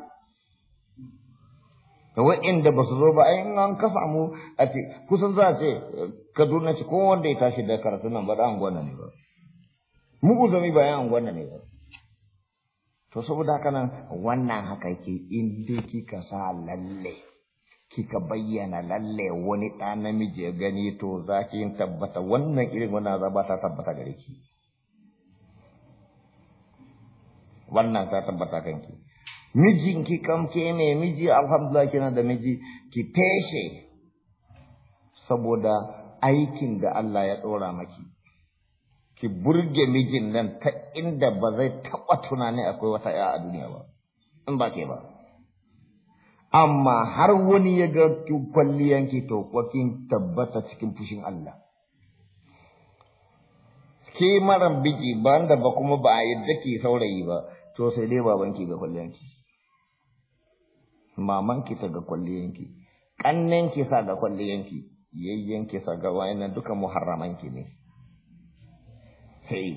da wa'inda ba su zo ba in an ka samu a ce kusan za a ce kaduna ce ko wanda ya tashi da karatu nan ba da angwana ne ba mu uzumi ba ya angwana ne ba to saboda haka nan wannan haka yake in dai kika sa lalle kika bayyana lalle wani ɗa namiji ya gani to za ki yin tabbata wannan irin wannan ba ta tabbata gare ki wannan ta tabbata kanki mijinki kamke ne miji alhamdulillah kina da miji ki feshe saboda aikin da Allah ya ɗora maki ki burge mijin nan ta inda ba zai taɓa tunanin akwai wata ya a duniya ba in ba ke ba amma har wani ya ga kwalliyanki to kwakin tabbata cikin fushin Allah ke maran biki ba da ba kuma ba a yadda ke saurayi ba to sai dai babanki ga kwalliyanki mamanki ta ga kwalliyanki ki sa ga kwalliyanki yayyenki sa ga wayannan duka muharramanki ne ta yi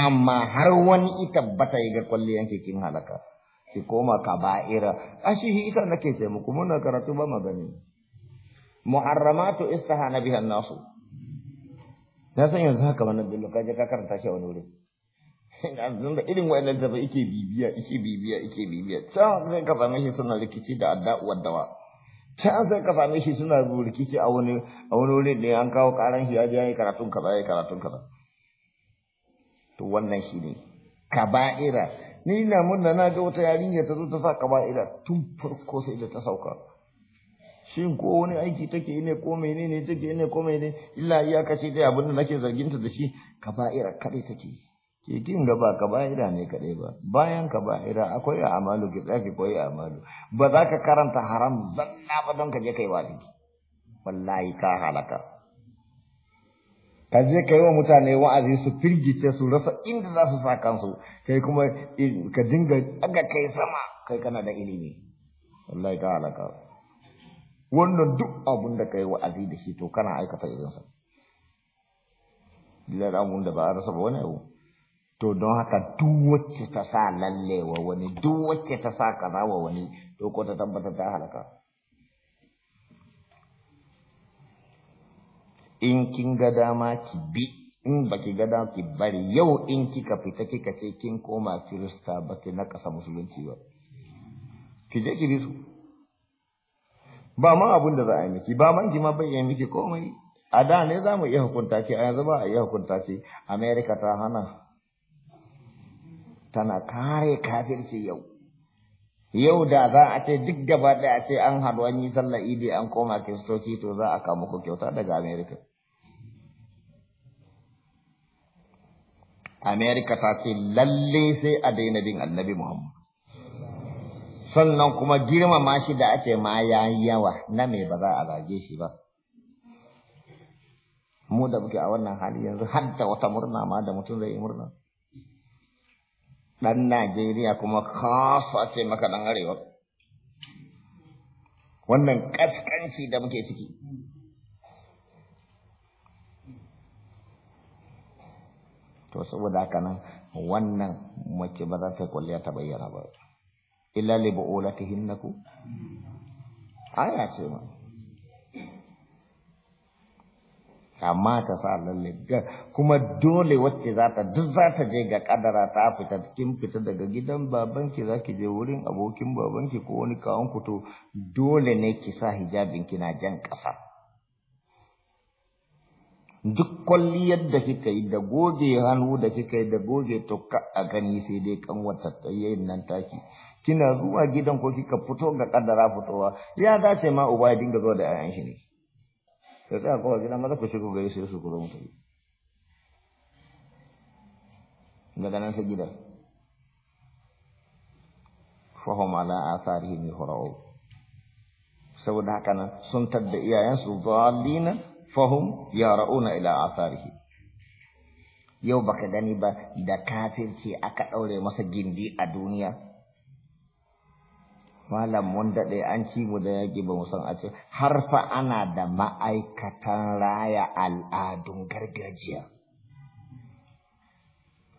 amma har wani ita bata yi ga kwalliyan kin halaka ki koma kaba'ira ashi hi ita nake ce muku muna karatu ba magani muharramatu istahana biha nasu na san yanzu haka wannan dillo kaje ka karanta shi a wani wuri da irin wa'annan da ike bibiya ike bibiya ike bibiya ta zai ka same shi suna rikici da adda'uwar dawa ta zai ka same shi suna rikici a wani a wani wuri da an kawo karan shi ya je yi karatun kaza yi karatun kaza to wannan shi ne kaba'ira ni na mun na ga wata yarinya ta zo ta sa kaba'ira tun farko sai da ta sauka shin ko wani aiki take ne ko ne take ne ko mene illa iya ce ta abin da nake zargin ta da shi kaba'ira kadai take yi ga gaba kaba'ira ne kaɗai ba, bayan kaba'ira akwai amalu ki tsaki koyi amalu, ba za ka karanta haram zanna ba don ka je kai wasiki wallahi ka halaka. ka je ka yi wa mutane wa'azi su firgice su rasa inda za su sa kansu kai kuma ka dinga ɗaga kai sama kai kana da ilimi wallahi ta halaka wannan duk abun da ka yi wa'azi da shi to kana aikata irinsa da abun da ba rasa ba wani abu to don haka duk wacce ta sa lalle wa wani duk wacce ta sa kaza wa wani to ko ta tabbata ta halaka in kin ga dama ki bi in baki ga dama ki bari yau in kika fita kika ce kin koma kirista ba, ki na ƙasa musulunci ba ki je ki bi su ba ma abun da za a yi miki ba man ki ma bai yi miki komai a da ne za mu iya hukunta ki a yanzu ba a iya hukunta ki america ta hana tana kare kafirci yau yau da za a ce duk gaba ɗaya a ce an haɗu an yi sallar idi an koma kiristoci to za a kawo ku kyauta daga Amerika. Amerika ta ce lalle sai a daina bin annabi Muhammad. Sannan kuma girmama shi da ake ma ya yawa na mai ba za a zage shi ba. Mu da muke a wannan hali yanzu hadda wata murna ma da mutum zai yi murna. Ɗan Najeriya kuma kasa ce maka ɗan arewa. Wannan ƙasƙanci da muke ciki. to saboda haka nan wannan mace ba za ta kwalliya ta bayyana ba illa li bu'ulatihinnaku aya ce ma amma ta sa lalle kuma dole wacce za ta duk za ta je ga kadara ta fita kin fita daga gidan babanki za ki je wurin abokin babanki ko wani kawon ku to dole ne ki sa hijabin kina jan ƙasa duk kwalliyar da kika yi da goge hannu da kika yi da goge tukka a gani sai dai kan wata nan taki kina zuwa gidan ko kika fito ga kaddara fitowa ya dace ma uba ya dinga zuwa da ayan shi ne ka tsaya kawo gidan maza ku shigo gari sai su kuro mutu daga nan sai gidan fahim ala asarihi mi hura'u saboda haka nan sun tadda iyayensu zalina fahum yara'una ila atharihi yau baka gani ba da kafirci aka ɗaure masa gindi a duniya malam mun daɗe an ci mu da yaƙi ba mu san a ce har fa ana da ma'aikatan raya al'adun gargajiya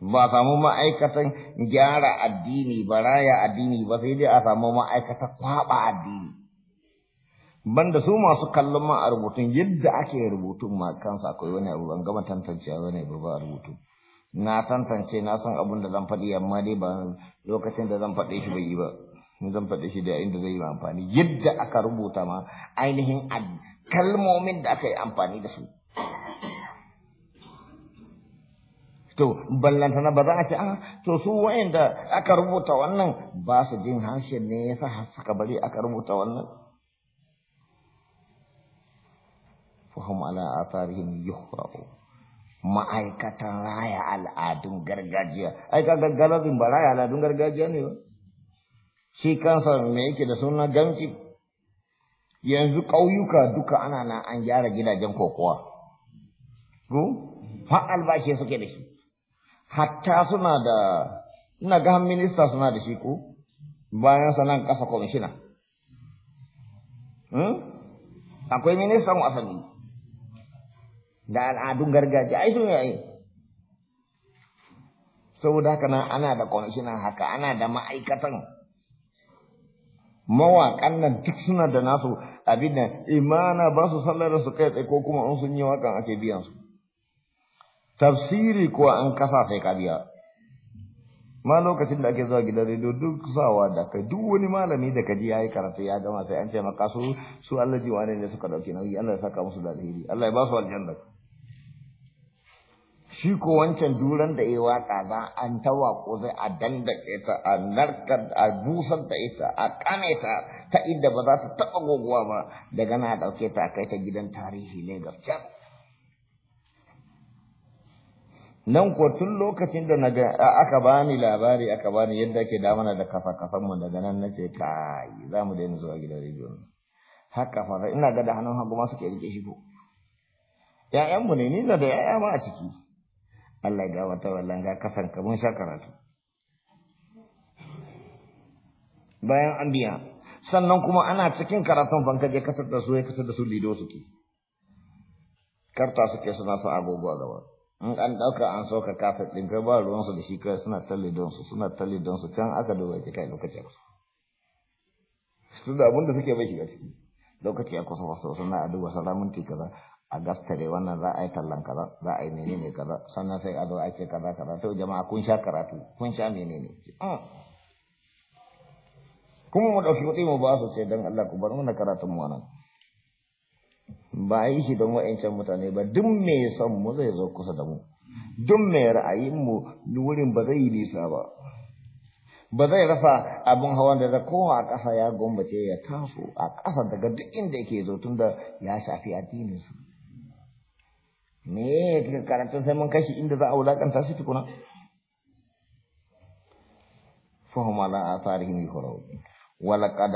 ba a samu ma'aikatan gyara addini ba raya addini ba sai dai a samu ma'aikatan kwaɓa addini banda su masu kallon ma a rubutun yadda ake rubutun ma kansa akwai wani abu ban gama tantance wani abu ba a rubutu na tantance na san abin da zan faɗi amma dai ba lokacin da zan faɗe shi bai yi ba zan faɗe shi da inda zai yi amfani yadda aka rubuta ma ainihin kalmomin da aka yi amfani da su to ballantana ba za a ce a ah, to su wayanda aka rubuta wannan ba su jin harshen ne yasa har suka bari aka rubuta wannan fahim ala a tarihin yuhra'u ma'aikatan raya al'adun gargajiya ai kaga galazin ba raya al'adun gargajiya ne ba shi kansa me yake da suna ganci? yanzu ƙauyuka duka ana nan an gyara gidajen kokowa ko ba albashi suke da shi hatta suna da ina ga minista suna da shi ko bayan sanan kasa kwamishina hmm? akwai ministan wasanni da al'adun gargajiya ai sun yayi saboda haka nan ana da kwamishinan haka ana da ma'aikatan mawaƙan nan duk suna da nasu abin imana ba su sallar su kai tsaye ko kuma an sun yi waƙan ake biyan su tafsiri ko an kasa sai ka biya ma lokacin da ake zuwa gidan rediyo duk sawa da kai duk wani malami da kaji yi karatu ya gama sai an ce maka su su Allah ji wane ne suka dauki nauyi Allah ya saka musu da alheri Allah ya ba su aljanna shi ko wancan duran da ya waka za an tawa ko zai a dandake ta a narkar a busar da ita a kane ta ta inda ba za ta taba goguwa ba daga na dauke ta kai ta gidan tarihi ne can. nan ko tun lokacin da naga aka bani labari aka bani yadda ake mana da kasa kasan mu daga nan nace kai za mu daina zuwa gidan rediyo haka fa ina ga da hannun hagu ma suke rike shi ko mu ne ni na da yaya ma a ciki Allah ga wata wallan ga kasan ka mun sha karatu bayan an biya sannan kuma ana cikin karatun ban je kasar da su ya kasar da su lido suke karta suke suna sa abubuwa gaba in an dauka an soka kafin din kai ba ruwansu da shi kai suna talle don su suna talle don su can aka duba ki kai lokacin su da abin da suke bai shiga ciki lokaci ya kusa wasu suna a duba salamun kaza a gaskare wannan za a yi tallan kaza za a yi menene kaza sannan sai a zo a ce kaza kaza to jama'a kun sha karatu kun sha menene ah. kuma mu dauki kuɗi mu ba su ce don Allah ku bar mana karatun mu nan ba yi shi don wa'ancan mutane ba duk me son mu zai zo kusa da mu duk me ra'ayin mu wurin ba zai yi nisa ba ba zai rasa abin hawan da kowa a ƙasa ya gombace ya taso a ƙasa daga duk inda yake zo tunda ya shafi addinin su. me karatun sai mun kashi inda za a wulakanta shi tukuna fahim ala atharihim yuhrun wa laqad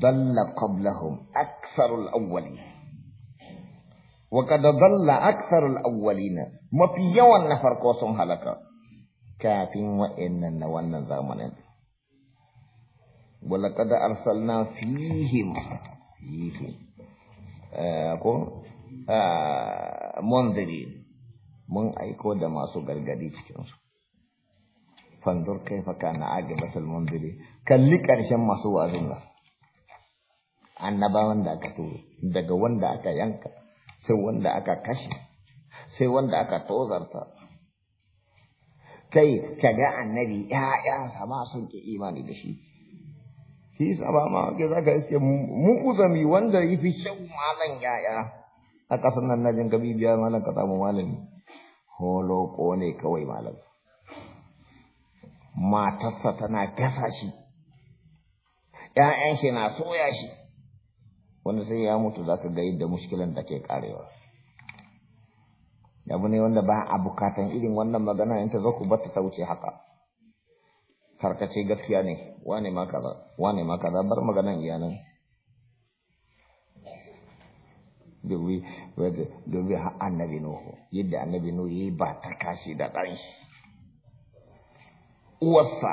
dalla qablahum aktharul awwalin wa qad dalla aktharul awwalin mafi yawan na farko sun halaka kafin wa'annan na wannan zamanin wa laqad arsalna fihim fihim ko munzirin mun aiko da masu gargadi cikinsu kai, fanzur na kana aqibatul munziri kalli ƙarshen masu wazin nan annaba wanda aka turo daga wanda aka yanka sai wanda aka kashe sai wanda aka tozarta kai kaga annabi ya'ya sama sun ki imani da shi shi sama ma ke zaka iske mu uzami wanda ya fi shan malan ya'ya a ƙasar nan najin ka bibiya malam ka samu malami holoko ne kawai malam matarsa tana gasa shi ‘ya'yan shi na soya shi wanda sai ya mutu za ka ga yadda mushkilan da ke karewa abu ne wanda ba a bukatan irin wannan magana in ta zo ku bata ta wuce haka karkace gaskiya ne wane ma kaza wane ma kaza bar maganan iyalan domin domin har annabi nuhu yadda annabi nuhu yi ba ta kashi da ɗan shi uwarsa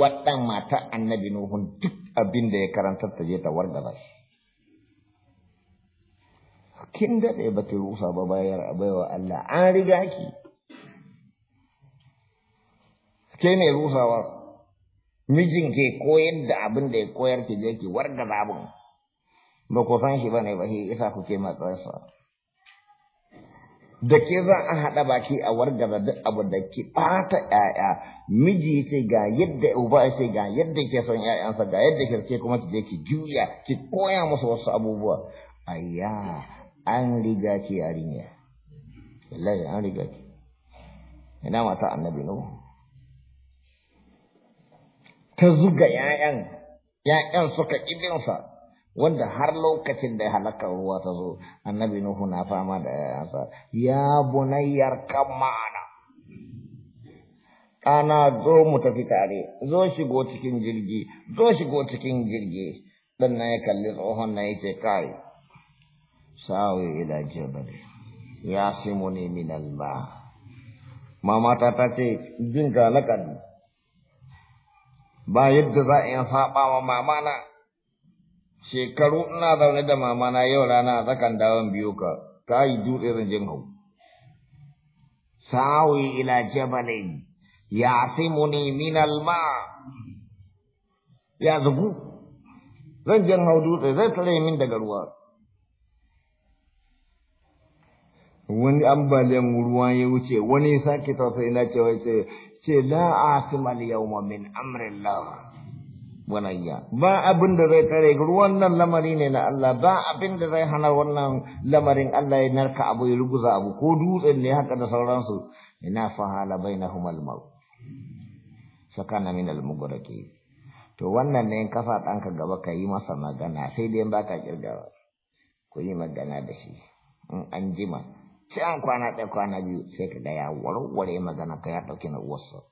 waɗan mata annabi nuhu duk abin da ya karanta ta je ta ba shi kin daɗe ba ta rusa ba bayar baiwa Allah an riga ki ke ne rusawa mijin ke koyar da abin da ya koyar ki je ki wargaza abin ba ku san shi ba ne ba shi isa kuke matsarsa da ke za a haɗa baki a wargaza duk abu da ke ɓata ‘ya'ya miji ce ga yadda uba ce ga yadda ke son ‘ya'yansa ga yadda ke kirke kuma ki je ki juya ki koya musu wasu abubuwa ayya an riga ki yarinya wallahi an riga ki ina mata annabi no ta zuga ‘ya'yan ‘ya'yan suka ƙibinsa wanda har lokacin da ya halaka ruwa ta zo annabi nuhu na fama da yayansa ya bunayyar kan ma'ana ana zo mu tafi tare zo shigo cikin jirgi zo shigo cikin jirgi dan na ya kalli tsohon na yake kai sawi ila jabal ya simu min alba mama ta ta ce jin ga lakani ba yadda za a yi saba wa mama na shekaru ina zaune da mamana yau rana zakan dawon biyu ka ta yi dutse zan jin hau sa'awi ila jabalin yasimuni min alma ya zubu zan jin hau dutse zai tare min daga ruwa wani ambaliyan ruwa ya wuce wani sake tausayi na cewa ce ce la asima al yawma min amrillah wanayya ba abin da zai tare nan lamari ne na Allah ba abin da zai hana wannan lamarin Allah ya narka abu ya ruguza abu ko dutsen ne haka da sauransu ina fahala bainahum al-maut sakana min al to wannan ne in kasa ɗanka gaba ka yi masa magana sai dai baka kirgawa ku yi magana da shi in an jima can kwana ɗaya kwana biyu sai ka ga warware magana ka ya ɗauki na uwarsa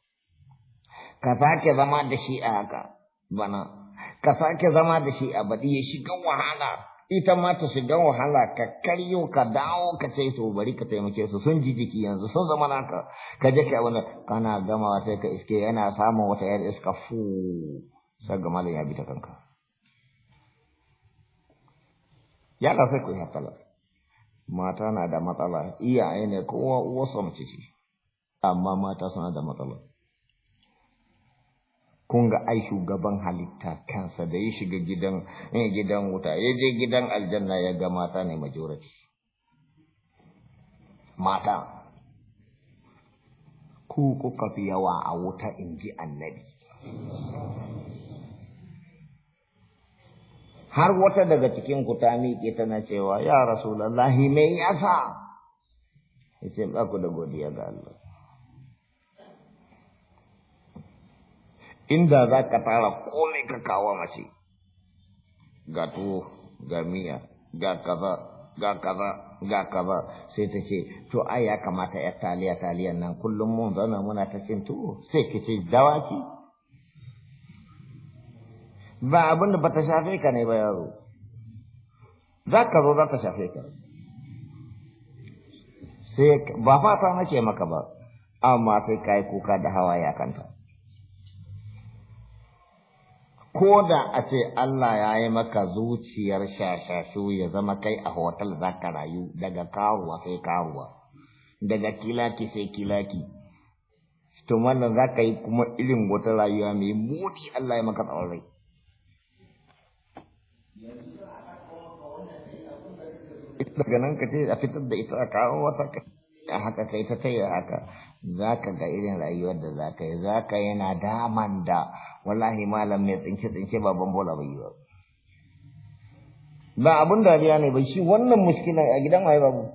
ka sake zama da shi a haka bana ka sake zama da shi a baɗi ya shiga wahala ita ma ta shiga wahala ka karyo ka dawo ka ce to bari ka taimake su sun ji jiki yanzu sun zama naka ka je ka wani kana gama sai ka iske yana samun wata yar iska fu sai ga malam ya bi ta kanka ya ka sai ku yi hatsala mata na da matsala iyaye ne kowa uwarsa mace ce amma mata suna da matsala kun ga ai shugaban halitta kansa da ya shiga gidan eh, gidan wuta ya je gidan aljanna ya ga mata ne majority mata ku kuka fi yawa a wuta in ji annabi har wata daga cikin ku ta miƙe tana cewa ya rasulallahi me yasa ce ba ku da godiya ga Allah inda za ka tara komai ka kawo mace ga tuwo ga miya ga kaza ga kaza ga kaza sai ta ce to ai ya kamata ya taliya taliyan nan kullum mun zauna muna ta cin tuwo sai ki ce dawa ba abin da bata shafe ka ne ba yaro za ka zo za ta shafe ka sai ba fata nake maka ba amma sai ka yi kuka da hawa ya kanta ko da a ce Allah ya yi maka zuciyar shashashu ya zama kai a hotel za ka rayu daga karuwa sai karuwa daga kilaki sai kilaki to wannan za ka yi kuma irin wata rayuwa mai muti Allah ya maka tsawon rai daga nan ka ce a fitar da ita a kawo wata a haka kai ta tayar haka za ka ga irin rayuwar da za ka yi za ka yana daman da wallahi malam mai tsinke-tsinke ba bola bai yi ba ba abun dariya ne bai shi wannan muskilan a gidan waye babu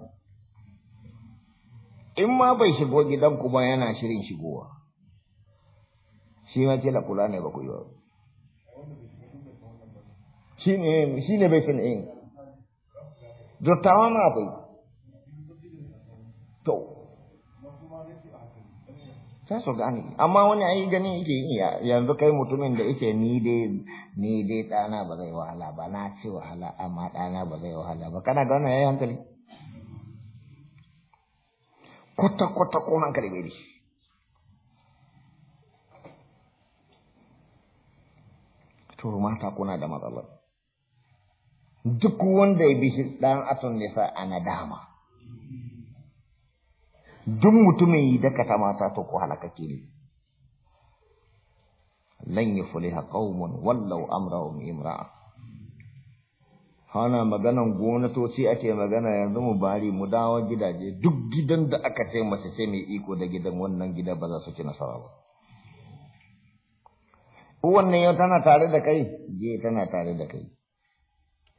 in ma bai shigo gidan ku ba yana shirin shigowa shi ma ce kula ne ba ku yi ba shi ne bai sun in dottawa ma bai sai su gane amma wani ayi gani yake ya yanzu kai mutumin da yake ni dai ni dai dana ba zai wahala ba na ci wahala amma dana ba zai wahala ba kana gano yayi hankali kwata kwata ko hankali bai to mata kuna da matsalar duk wanda ya bi shi ɗan atun nisa a nadama duk mutumin yi daka ta mata to ko halakake ne lan yufliha qaumun wallau amra'um imra'a hana maganan gwamnatoci ake magana yanzu mu bari mu dawo gidaje duk gidan da aka ce masa sai mai iko da gidan wannan gida ba za su ci nasara ba wannan yau tana tare da kai je tana tare da kai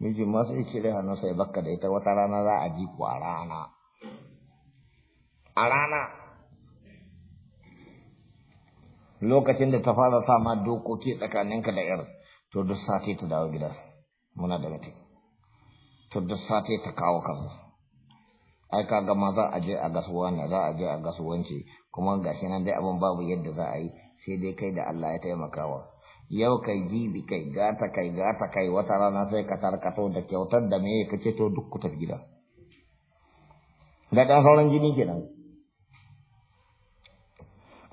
miji masu ikire hannu sai bakka da ita wata rana za a ji kwara rana. a rana lokacin da ta fara sama dokoki tsakaninka da yar to duk sati ta dawo gida muna da mutum to duk sati ta kawo kaza ai ka ga ma za a je a gasuwa na za a je a gasuwanci kuma gashi nan dai abin babu yadda za a yi sai dai kai da Allah ya taimakawa yau kai jibi kai gata kai gata kai wata rana sai ka tarkato da kyautar da me kace to duk ku tafi gida da dan sauran jini kenan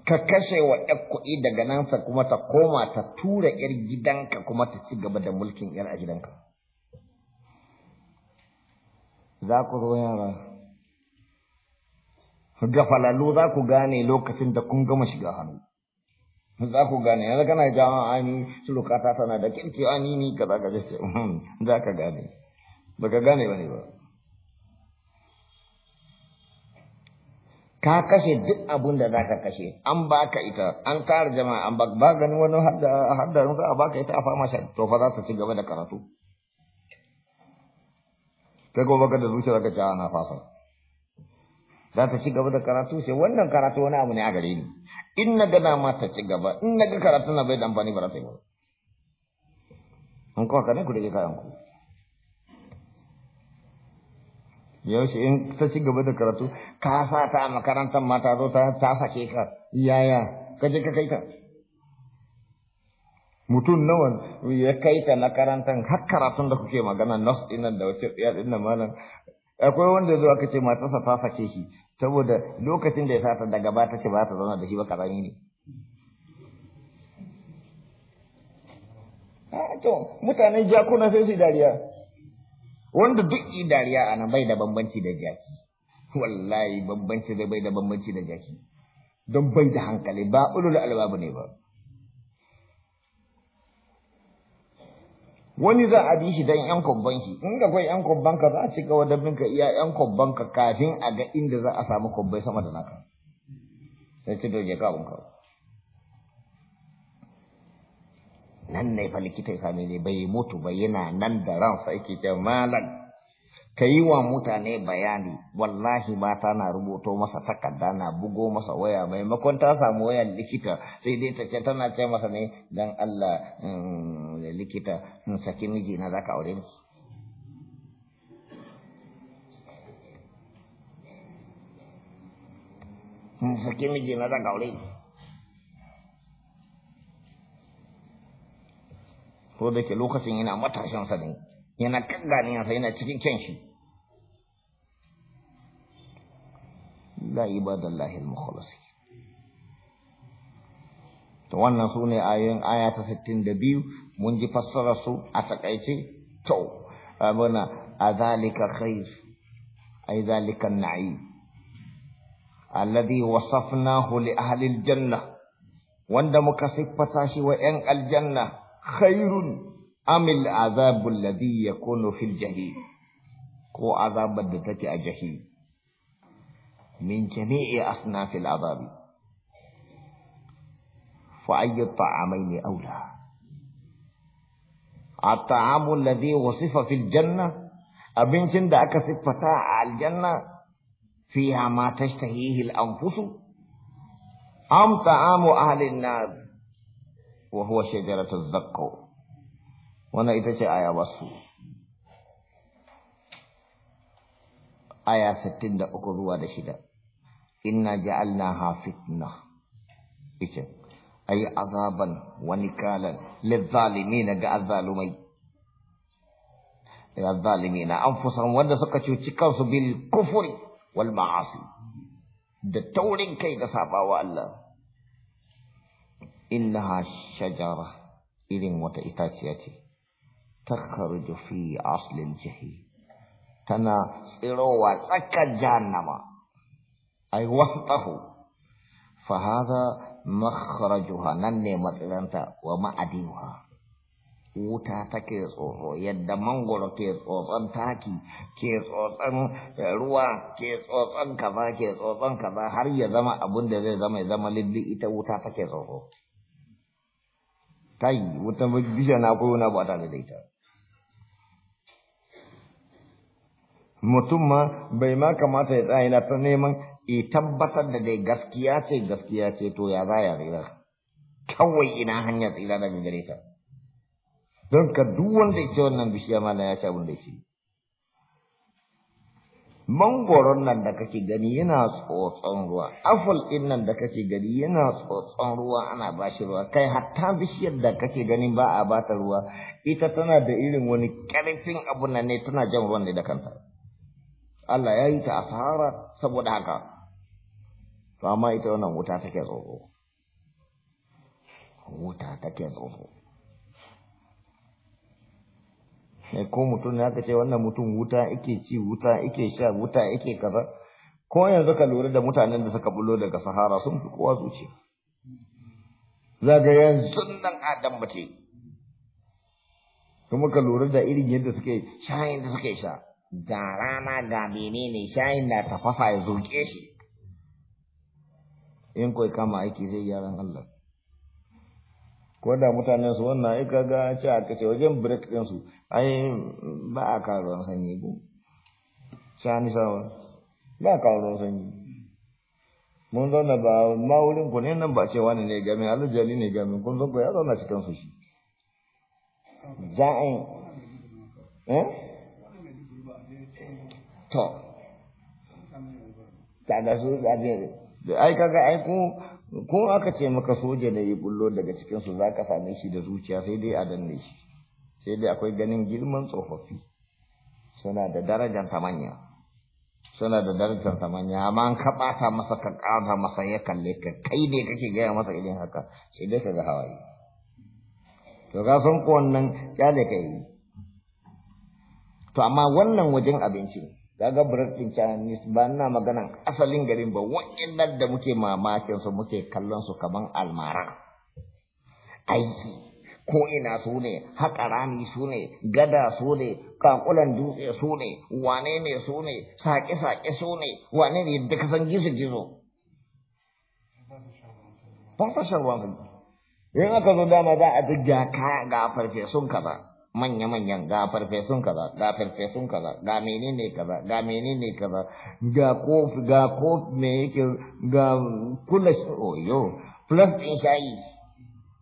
ka kashe wa ɗan kuɗi daga nan sa kuma ta koma ta tura ‘yar gidanka kuma ta ci gaba da mulkin ‘yar a gidanka. Za ku zo yara, falalu za ku gane lokacin da kun gama shiga hannu. Za ku gane, yanzu kana jama'a ani, surukata tana da kirki ani ni kaza ka ce, za ka gane, ba ka gane ba ne ba. ka kashe duk abun da ka kashe an ka ita an tara jama'a an ba Ba ganin wani haddarin za a ka ita a famashin to fa za ta ci gaba da karatu kai gobe ka da zuciya ka ja ah, na fasa za ta ci gaba da karatu sai wannan karatu wani abu ne a gare ni in na gana ma ta ci gaba in na ga karatu na bai da amfani ba za ta yi ba an kawo ka ne ku da ke kayan ku yaushe in ta ci gaba da karatu ka sa ta a makarantar mata zo ta ta sake ka yaya ka je ka kai ta mutum nawa ya kai ta makarantar har karatun da kuke magana nas dinan da wace tsiya din malam akwai wanda zo aka ce matarsa ta sake shi saboda lokacin da ya sata daga ba ta ce ba ta zauna da shi ba karami ne ah, to mutanen jakuna sai su dariya wanda duk yi dariya a nan bai da bambanci da jaki wallahi bambanci da bai da bambanci da jaki don bai da hankali ba ulul albabu ne ba wani za a bi shi don yan kubban shi in ga kwai yan kubban ka za a cika wadda binka iya yan kubban ka kafin a ga inda za a samu kubbai sama da naka sai ci doge kabin ba. nan ne fa likita ya same ne bai mutu ba yana nan da ransa yake ce malam ka yi wa mutane bayani wallahi mata na rubuto masa takarda na bugo masa waya maimakon ta samu wayan likita sai dai ta ce tana ce masa ne dan Allah mm, likita saki miji na zaka aure ni saki miji na zaka aure ni ko da ke lokacin yana matashin sa ne yana kanganiyansa yana cikin kenshi la ibadallahi al-mukhlasin to wannan sune ayoyin aya ta 62 mun ji fassara su a takaice to abuna azalika khair ay zalika na'i alladhi wasafnahu li ahli al-janna wanda muka siffata shi wa 'yan aljanna خير أم العذاب الذي يكون في الجحيم كو عذاب بدتك الجحيم من جميع أصناف العذاب فأي الطعامين أولى الطعام الذي وصف في الجنة أبنتن دعك ساعه الجنة فيها ما تشتهيه الأنفس أم طعام أهل النار وهو شجرة الزقو وانا اتشى آية وصف آية ستين دا أقروا دا شدا إنا جعلناها فتنة اتشى أي عذابا ونكالا للظالمين جاء الظالمين إلى الظالمين أنفسهم ودسك تشكوا بالكفر والمعاصي The taurin kai ga والله. inna na haisha irin wata itacewa ce. Takardu fiye asalin jihi. Tana tsiro wa tsakan janama. Aiwa su tsaho. Fahadar makarantu, nan ne matsalarta wa ma'adi ma. Wuta ta ke yadda mangoro ke tsotson taki, ke tsotson ruwa, ke tsotson kaza, ke tsotson kaza, har ya zama abin da zai zama, ya zama liddi ita wuta take ke kai wata bishiya na koyo na ba tare da ita mutum ma bai ma kamata ya tsaya yana ta neman e tabbatar da dai gaskiya ce gaskiya ce to ya za ya tsira kawai ina hanyar tsira na gare ta don ka duk wanda ya ce wannan bishiya ma na ya sha abin da ya mangoron nan da kake gani yana tsotson ruwa aful din nan da kake gani yana tsotson ruwa ana ba shi ruwa kai hatta bishiyar da kake gani ba a bata ruwa ita tana da irin wani karfin abu nan ne tana jan ruwan ne da kanta Allah ya yi ta asara saboda haka to amma ita wannan wuta take tsoro wuta take tsoro Eh, ko mutum ne aka ce wannan mutum wuta yake ci wuta yake sha wuta yake kaza ko yanzu ka lura da mutanen da suka bullo daga sahara sun fi kowa zuciya zaga yanzu nan adam bace kuma ka lura da irin yadda suke shayin da suke sha ga rana ga menene shayin da tafasa ya zuke shi in kai kama aiki zai yaran Allah ko da mutanen su wannan ai kaga an ce aka ce wajen break din su ai ba a karuwan sanyi ko shani sawa ba a karuwan sanyi mun zauna ba ma wurin ku ne nan ba ce wani ne game alajali ne game kun zo ku ya zauna cikin su shi ja'in eh to da su da ai kaga ai ku ko aka ce maka soja da yi bullo daga cikin su zaka same shi da zuciya sai dai a danne shi sai dai akwai ganin girman tsofaffi suna da darajar tamanya suna da darajar tamanya amma an ka ɓata masa ka ƙara masa ya kalle ka kai ne kake gaya masa idan haka sai dai ka ga hawaye to ga san ko wannan kyale ka to amma wannan wajen abinci kaga burin din Chinese ba na maganan asalin garin ba wa'annan da muke mamakin su muke kallon su kaman almara aiki ko ina su ne haƙa rami su ne gada su ne kakulan dutse su ne wane ne su ne saƙe-saƙe su ne wane ne da kasan gizo-gizo ba sa aka zo dama za a duk ga kaya ga farfesun kaza manya-manyan ga farfesun kaza ga farfesun kaza ga menene kaza ga menene kaza ga kofi ga kofi me yake ga kula oyo plus ɗin shayi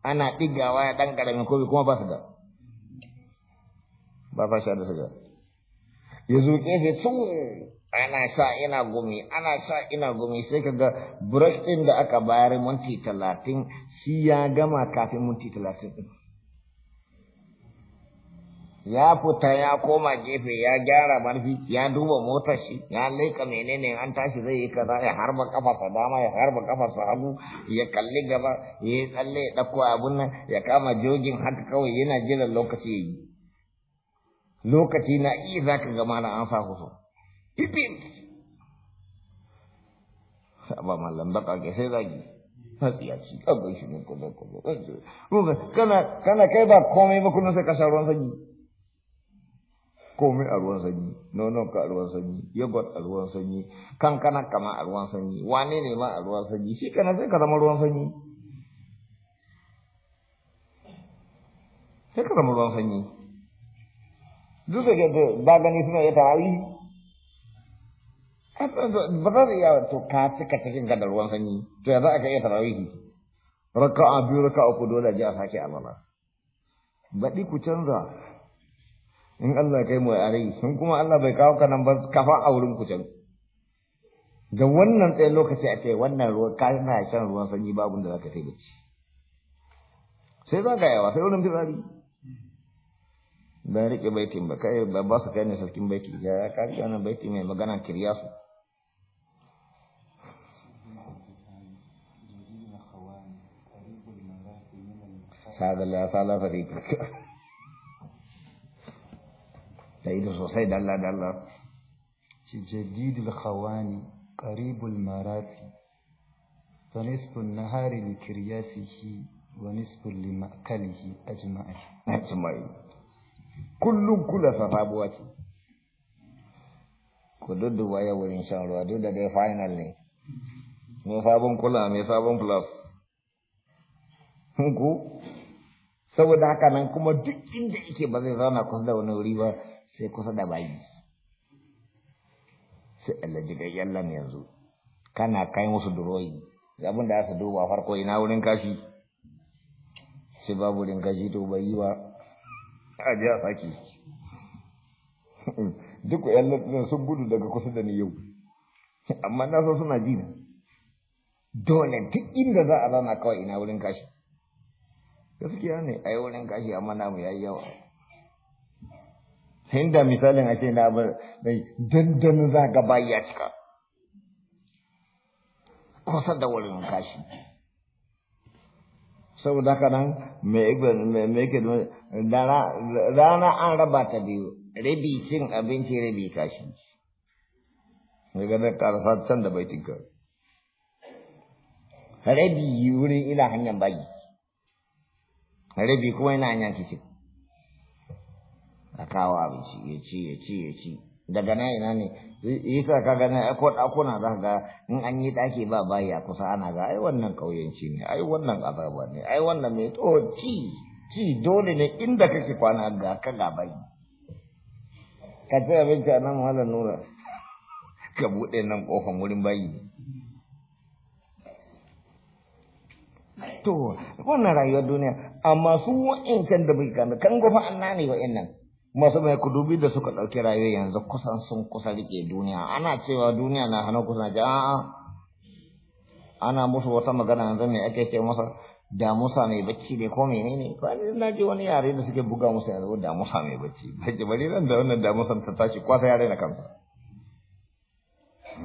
ana ɗigawa ya dan ƙaramin kofi kuma ba su da ba sa sha da su da ya zuƙe shi sun ana sha ina gumi ana sha ina gumi sai ka ga brush ɗin da aka bayar minti talatin shi ya gama kafin minti talatin ɗin ya fita ya koma gefe ya gyara marfi ya duba motar shi ya laika menene an tashi zai yi kaza ya harba kafa sa dama ya harba kafa sa hagu ya kalli gaba ya yi tsalle ya ɗauko abun nan ya kama jogin haka kawai yana jiran lokaci ya yi lokaci na iya za ka gama na an sa kusa pipin ba mallam ka ke sai zagi ya matsiyaci abin shi ne kuma kuma kana kana kai ba komai ba kullum sai ka sha ruwan sanyi komai a ruwan sanyi nonon ka a ruwan sanyi yogurt a ruwan sanyi kankana kama a ruwan sanyi wane ne ma a ruwan sanyi shi kana sai ka zama ruwan sanyi sai ka zama ruwan sanyi duk da ba gani suna ya tarayi ba za su iya to ka cika cikin ka da ruwan sanyi to ya za ka iya Raka raka'a biyu raka'a uku dole ji a sake alwala baɗi ku canza in Allah kai mu a rai sun kuma Allah bai kawo ka nan ba kafa a wurin ku can da wannan tsaye lokaci a ce wannan ruwa ka na shan ruwan sanyi babu da zaka kai bacci sai za ka yawa sai wurin fitsari ban rike baitin ba kai ba ba su kai ne sarkin baiti ya ka rike wannan baiti mai magana kiryasu sadala sala fariqa da ido sosai dalla dalla shi jadidul khawani qaribul marafi fa nisfun nahari li kiryasihi wa nisfun li ma'kalihi ajma'i ajma'i kullun kula fa sabuwa ce ku dudduba ya wurin shan ruwa duk da dai final ne mai sabon kula mai sabon plus ku saboda haka nan kuma duk inda yake ba zai zauna kusa da wani wuri ba sai kusa da bayi sai alajigayyen lam yanzu kana kai musu duroyi abin da su duba farko ina wurin kashi sai babu wurin kashi to bai yi ba a ji a saki duk yan latin sun gudu daga kusa da ni yau amma na san suna jina dole duk inda za a zana kawai ina wurin kashi gaskiya ne ai wurin kashi amma namu yayi yawa inda misalin a ce na bar dandanin za ga bayi ya cika kusa da wurin kashi saboda haka nan me yake rana an raba ta biyu rabi cin abinci rabi kashi daga na karfa can da bai tinka. rabi wurin ina hanyar bayi rabi kuma ina hanyar kicin a kawo abinci ya ci ya ci ya ci daga na ina ne yi sa ka gani ko ɗakuna za ga in an yi ɗaki ba bayi a kusa ana ga ai wannan ƙauyenci ne ai wannan azaba ne ai wannan mai to ci ci dole ne inda kake kwana ga ka ga bayi ka ci abinci a nan wala nura ka buɗe nan ƙofan wurin bayi to wannan rayuwar duniya amma su can da bai kan kan gofa anna wa'in nan masu mai kudubi da suka ɗauki rayuwa yanzu kusan sun kusa rike duniya ana cewa duniya na hana kusa ja ana musu wata magana yanzu mai ake ce masa damusa mai bacci ne ko menene kwanan na ji wani yare da suke buga musu yanzu damusa mai bacci baki bari ran da wannan damusan ta tashi kwata yare na kansa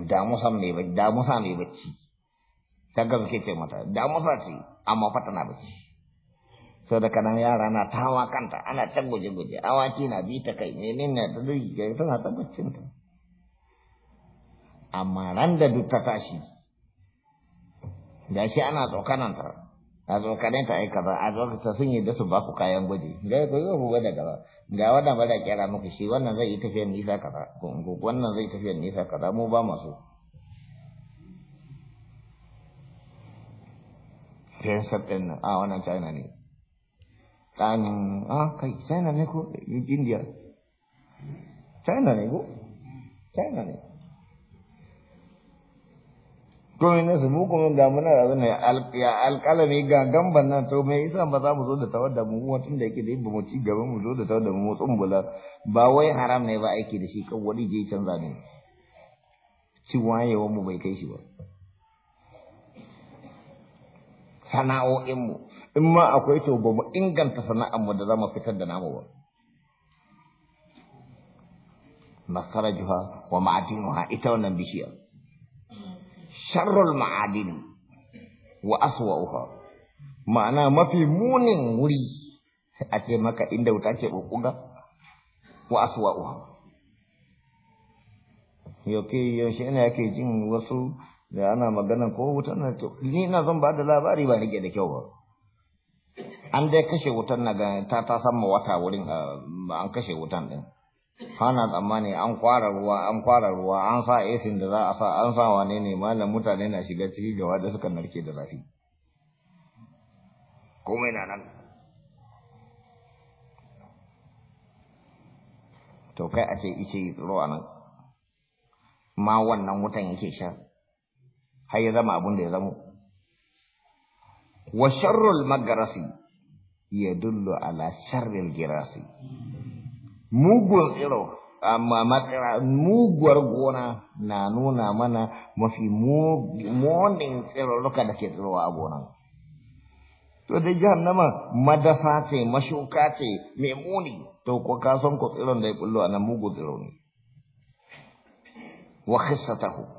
damusan mai bacci damusa mai bacci ta muke ce mata damusa ce amma fa tana bacci sau ah, da kanan yara na tawa kanta ana ta guje-guje awaki na bi ta kai menene ta duk gari tana ta ta amma ran da duk ta tashi da shi ana ta a tsokanin ta aika ba a tsokanta sun yi da su ba ku kayan gwaji ga ku zo ku gwada gaba ga wannan ba da kera muku shi wannan zai yi tafiyar nisa kaza wannan zai tafiyar nisa kaza mu ba masu Fensar China ne. Kan, ah, kai, China ne ko India? China ni ko? China ne. ko ne su mu kuma ga muna da ne alƙalami ga gamban nan to me yasa ba za mu zo da tawadda mu wutun da yake da ba mu ci gaba mu zo da tawadda mu motsin bula ba wai haram ne ba aiki da shi kan wani je canza ne. Ci wayewa mu bai kai shi ba. Sana'o'in mu in ma akwai to ba mu inganta mu da za mu fitar da namu ba masarajuha wa ma'adinuha ita wannan bishiya sharrul ma'adin wa aswa'uha ma'ana mafi munin wuri a ce maka inda wuta ke bukuga wa aswa'uha yauke yaushe ina yake jin wasu da ana magana ko wuta na to ni na zan ba da labari ba nake da kyau ba an dai kashe wutan na ta ta san wata wurin eh, an kashe wutan din hana tsammani an kwara ruwa an kwara ruwa an sa esin da za a sa an sa wane ne malam mutane na shiga ciki gaba da suka narke da zafi komai na nan to kai a ce ice tsoro a nan ma wannan wutan yake sha har ya zama abin da ya zamo wa sharrul magarasi yadullu ala sharril girasi tsiro amma matsira muguwar gona na nuna mana mafi monin tsirarruka da ke tsirowa a gonan to dai jahannama madafa ce mashuka ce mai muni to ko ka san ku tsiron da ya kullo a nan mugun tsiro ne wa khissatahu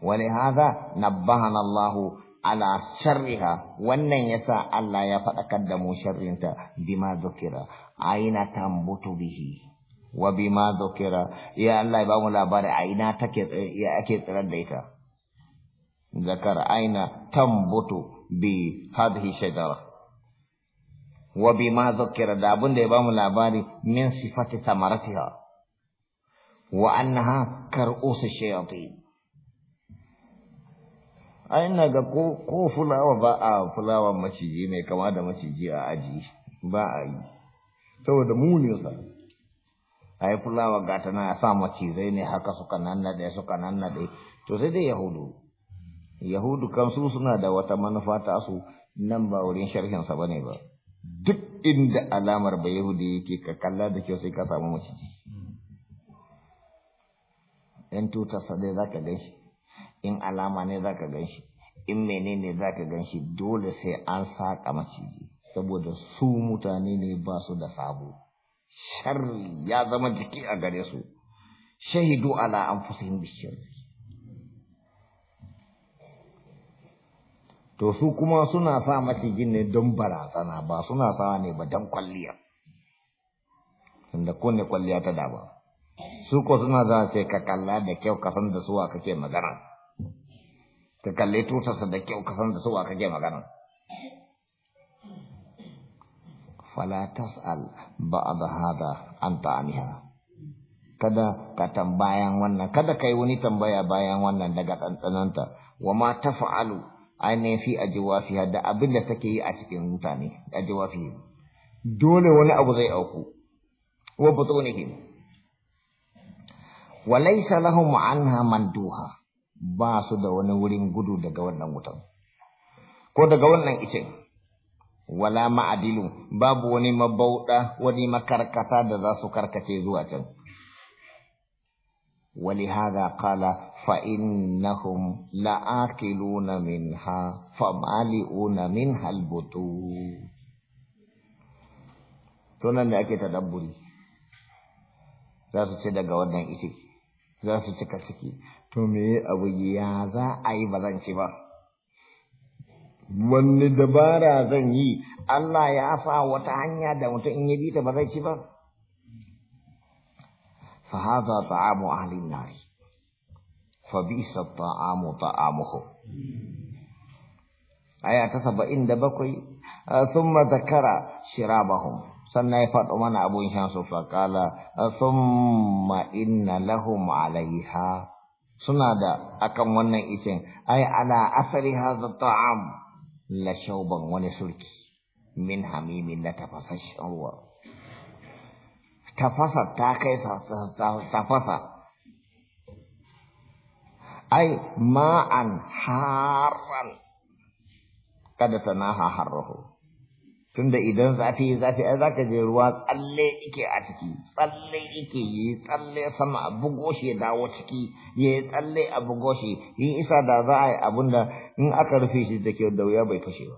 ولهذا نبهنا الله ala sharriha wannan yasa Allah ya faɗakar da mu sharrinta bima zukira aina tambutu bihi wa bima zukira ya Allah ya ba mu labari aina take ya ake tsirar da ita zakar aina tambutu bi hadhihi shajara wa bima zukira da abin da ya ba mu labari min sifati samaratiha wa annaha kar'usu shayatin ai ina ga ko ko fulawa ba a fulawa maciji mai kama da maciji a aji ba a yi saboda sa ai fulawa ga ta na sa macizai ne haka suka da suka da to sai dai yahudu yahudu kansu suna da wata manufa ta su nan ba wurin sharhinsa sa ne ba duk inda alamar ba yahudi yake ka kalla da kyau sai ka samu maciji hmm. yan tutarsa dai za ka gaishe in alama ne za ka gan shi in menene za ka gan shi dole sai an saƙa maciji saboda su mutane ne ba su da sabo shar ya zama jiki a gare su shahidu ala fusayin bishirri to su kuma suna sa maciji ne don barazana ba suna sa ne ba don kwalliya inda ko ne kwalliya ta daba su ko suna za a ce ka kalla da kyau ka san da suwa kake magana ka kalle tutarsa da kyau ka san da suwa kake magana fala tas'al ba'da hada an ta'amiha kada ka tambayan wannan kada kai wani tambaya bayan wannan daga tsantsananta wa ma taf'alu ainihi fi ajwafiha da abin da take yi a cikin mutane ajwafi dole wani abu zai auku wa butunihim wa laysa lahum anha manduha ba su da wani wurin gudu daga wannan wutan ko daga wannan ice wala ma'adilu babu wani mabauda wani makarkata da za su karkace zuwa can ولهذا قال فإنهم لآكلون منها فمالئون منها البطون تنان لأكي تدبري لا تتدق ودن إسي za su cika ciki to me abu ya za a yi ba zan ci ba wanne dabara zan yi Allah ya sa wata hanya da mutum in ya bi ta ba zai ci ba fa hadha ta'amu ahli an-nar fa bisa ta'amu ta'amuhu aya ta 77 thumma zakara shirabahum sannan ya faɗo mana abun shan su faƙala thumma inna lahum alaiha suna da akan wannan icen ai ala asari hadha ta'am la shauban wani sulki min hamimin da tafasashen ruwa tafasa ta kai tafasa ai ma'an haran kada ta naha harrahu tunda idan zafi zafi ai zaka je ruwa tsalle yake a ciki tsalle yake yi tsalle sama a bugo shi ya dawo ciki ya tsalle a bugo shi in isa da za a yi abunda in aka rufe shi da ke da wuya bai fashe ba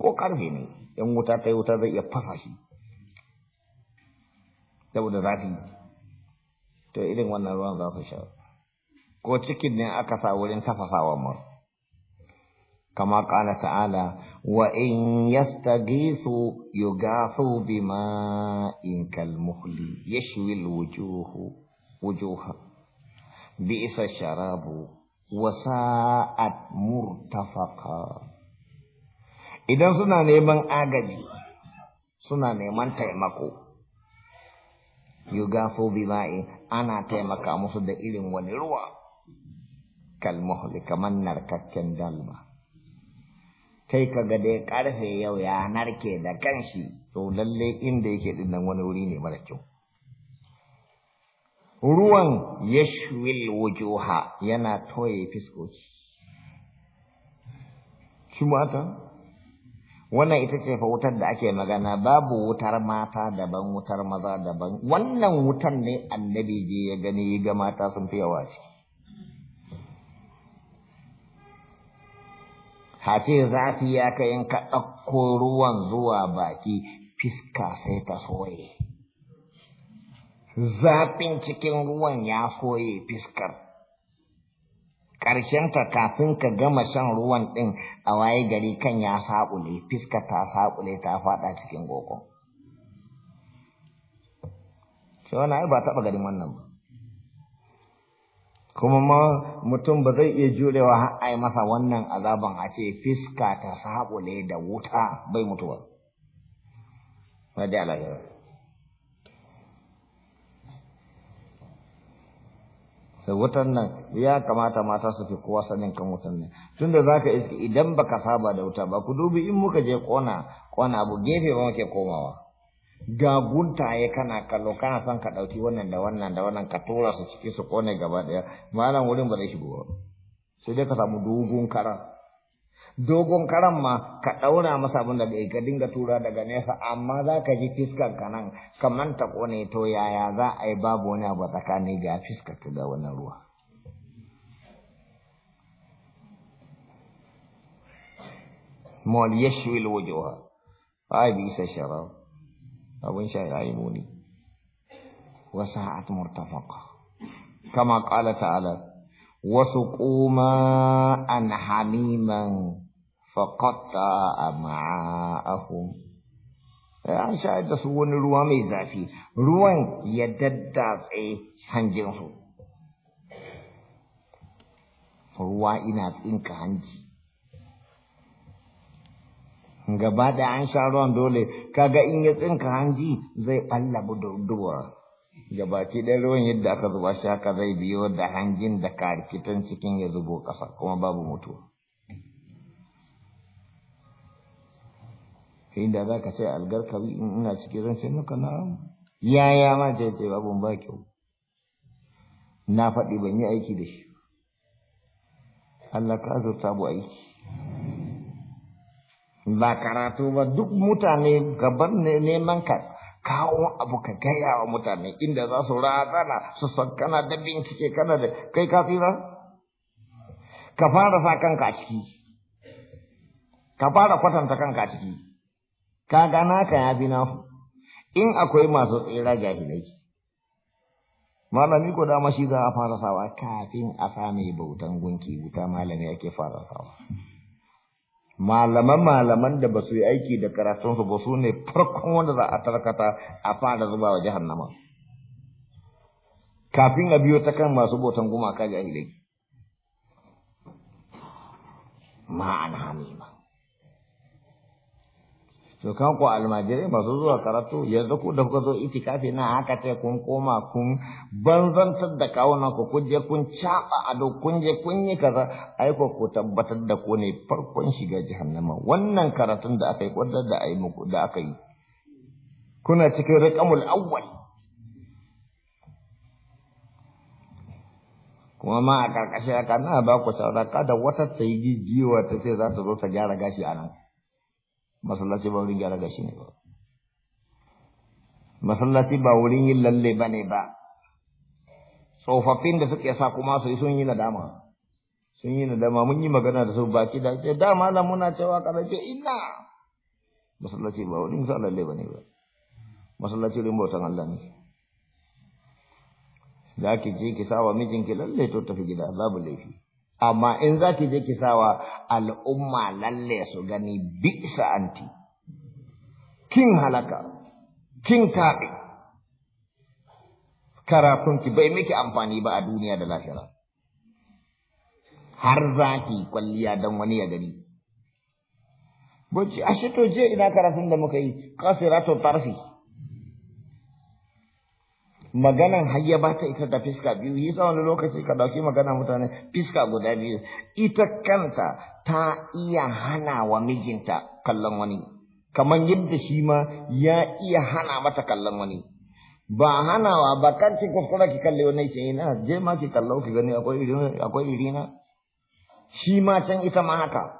ko karfe ne in wuta ta yi wuta zai iya fasa shi saboda zafi to irin wannan ruwan za su sha ko cikin ne aka sa wurin tafasawa mu kama kala ta'ala وإن يستغيثوا يغاثوا بماء كالمهل يشوي الوجوه وجوها بئس الشراب وساءت مرتفقا إذا سنة نيمان آغاجي سنة نيمان تيمكو يغاثوا بماء أنا تيمكا مصد إلين ونروا كالمهل كمن نركك دالما kai ka ga dai karfe yau ya narke da kanshi to lalle inda yake din nan wani wuri ne mara kyau ruwan yashwil wujuha yana toye fiskoki shi mata wannan ita ce fa wutar da ake magana babu wutar mata daban wutar maza daban wannan wutar ne annabi je ya gani ga mata sun fi yawa ciki hace zafi ya kai in ka ɗauko ruwan zuwa baki fiska sai ta soye zafin cikin ruwan ya soye fiskar ƙarshenta kafin ka gama shan ruwan ɗin a waye gari kan ya saƙule fiska ta saƙule ta faɗa cikin gogon. Shi wani ba taɓa garin wannan ba. kuma ma mutum ba zai iya jurewa har ai masa wannan azaban a ce fiska ta sabule da wuta bai mutuwa da wutan nan ya kamata mata su fi kowa sanin kan wutan nan tunda zaka iske idan baka saba da wuta ba ku dubi in muka je kona kona abu gefe ba muke komawa ga guntaye kana kallo kana son ka ɗauki wannan da wannan da wannan ka tura su cikin su kone gaba ɗaya malam wurin ba zai shigo ba sai dai ka samu dogon karan dogon karan ma ka ɗaura masa abin da bai ka dinga tura daga nesa amma za ka ji fiskar ka nan ka manta kone to yaya za a yi babu wani abu tsakani ga fiskar ka da wannan ruwa mawal yashwil wujuha ai bi isa sharab أبو إنشاء العيموني وساعة مرتفقة كما قال تعالى وسقوما أن حميما فقطع معاهم يعني شاهد تسوون الوامي زافي روان يدد في هنجنه فروا إنك هنجي gaba da an sha ruwan dole kaga in ya tsinka hanji zai ɓallabu da duwa gabaki ɗaya ruwan yadda aka zuba shi haka zai biyo da hanjin da karkitan cikin ya zubo ƙasa kuma babu mutuwa inda za ka ce algarkawi in ina ciki zan ce maka na yaya ma ce ce babu ba kyau na faɗi ban yi aiki da shi Allah ka azurta bu aiki ba karatu ba duk mutane gaban neman ka kawo abu ka gaya wa mutane inda za su ratsana su san kana da bincike kana da kai kafi ba ka fara sa kanka a ciki ka fara kwatanta kanka a ciki ka gana ka ya bi nafu in akwai masu tsira jahilai malami ko dama shi za a fara sawa kafin a same bautan gunki wuta malami yake fara sawa malaman malaman da ba su yi aiki da karatunsu ba su ne farkon wanda za a tarkata a fara zuba wa jahannama kafin a biyo ta kan masu botan gumaka jahilai ma'ana hamima to kan ku almajirai masu zuwa karatu yanzu ku da kuka zo itikafi na haka ta kun koma kun banzantar da kawuna ku kun je kun caba ado kun je kun yi kaza ai ko ku tabbatar da ku ne farkon shiga jahannama wannan karatun da aka yi kwadar da ai muku da aka yi kuna cikin riqamul awwal kuma ma a karkashin haka na ba ku sauraka da wata tsayi jiwa ta ce za ta zo ta gyara gashi a nan masallaci ba wurin gyara gashi ne ba masallaci ba wurin yin lalle ba ne ba tsofaffin da suke sa kuma su sun yi nadama sun yi nadama mun yi magana da su baki da ce dama malam muna cewa kada ce ina masallaci ba wurin sa lalle ba ne ba masallaci rin bautan Allah ne da ake ce ki sawa mijinki lalle to tafi gida babu laifi amma in za ki je ki sawa al'umma lalle su gani bi anti kin halaka kin taɓe karatunki bai miki amfani ba a duniya da lahira har za ki kwalliya dan wani ya gani Bacci, ashe to je ina karatun da muka yi, kasiratu tarfi. maganan hayya ba ta ita da fiska biyu yi wani lokaci ka dauki magana mutane fiska guda biyu ita kanta ta iya hana wa mijinta kallon wani kamar yadda shi ma ya iya hana mata kallon wani ba hanawa ba kan ki kuskura ki kalle wani ce ina je ma ki kallo ki gani akwai irina akwai irina shi ma can ita ma haka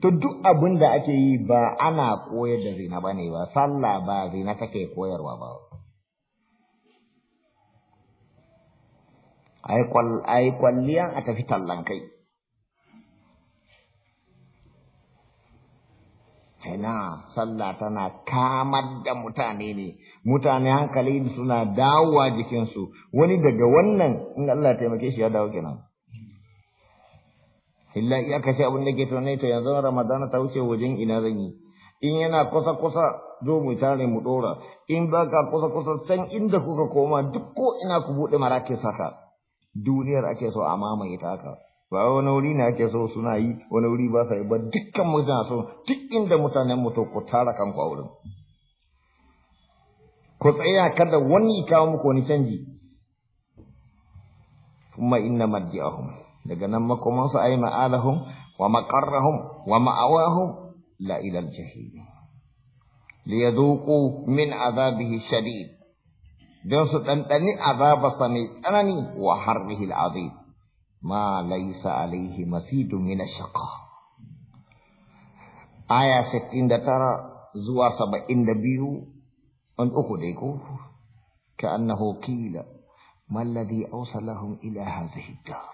To duk abin da ake yi ba ana koyar da zina ba ne ba, sallah ba zina take koyarwa ba. a yi a tafi tallan kai sallah tana kamar da mutane ne mutane hankali suna dawowa jikinsu wani daga wannan in Allah taimake shi ya dawo kenan illa iyaka kashe abin da ke tunai to yanzu ramadana ta wuce wajen ina zan yi in yana kusa kusa zo mu tare mu dora in baka kusa kusa san inda kuka koma duk ko ina ku buɗe marake saka duniyar ake so a mamaye ta haka ba wani wuri ne ake so suna yi wani wuri ba sa yi ba dukkan mutane so duk inda mutanen mutu ku tara kanku a wurin ku tsaya kada wani ya kawo muku wani canji kuma inna marji'ahum daga nan makoman su ayi ma'alahum wa maqarrahum wa ma'awahum la ila al-jahim liyadhuqu min adhabihi shadid don su ɗanɗani azabarsa mai tsanani wa harbihi al'azim ma laisa alaihi masidu min shaqa aya 69 zuwa 72 an uku dai ko ka annahu qila ما الذي أوصلهم إلى هذه الدار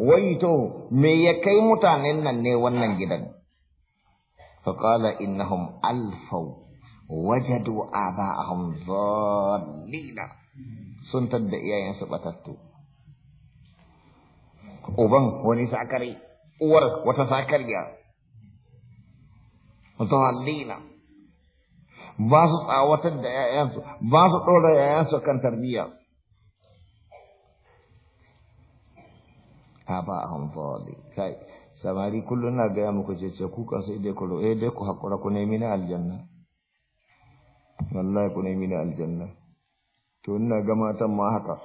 ويتو مي يكي متانين نني ونن جدا فقال إنهم ألفوا wajadu aba'ahum dhallina sun tadda su batattu uban wani sakari uwar wata sakariya dhallina ba su tsawatar da yayansu ba su ɗora yayansu kan tarbiyya aba'ahum dhallina kai samari kullum na gaya muku ce ce kukan sai dai ku eh dai ku hakura ku nemi na aljanna wallahi ku ne mini aljanna to ina ga matan ma haka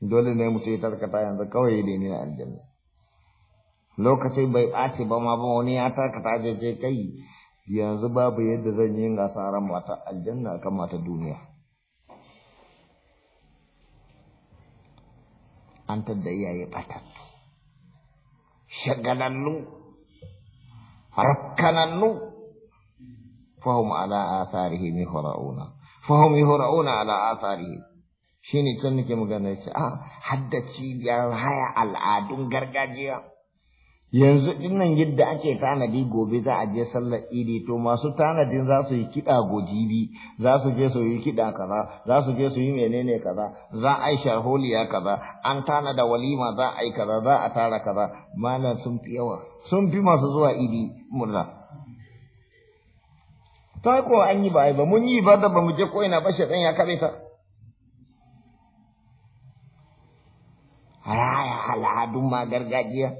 dole ne mu ya tarkata yanzu kawai ne ni aljanna lokacin bai ɓaci ba ma ba wani ya tarkata je je kai yanzu babu yadda zan yi asaran mata aljanna kan mata duniya an tadda iyaye ɓatattu shagalannu rakkanannu فهم على آثارهم يهرعون فهم يهرعون على آثارهم shine tun nake magana ce a haddaci ya haya al'adun gargajiya yanzu nan yadda ake tanadi gobe za a je sallar idi to masu tanadin za su yi kiɗa gojibi za su je su yi kiɗa kaza za su je su yi menene kaza za a yi sharholiya kaza an tanada walima za a yi kaza za a tara kaza malam sun fi yawa sun fi masu zuwa idi murna ta kuwa an yi ba ba mun yi ba da ba mu je ko'ina ba shaitan ya kabe ta raya al'adun ma gargajiya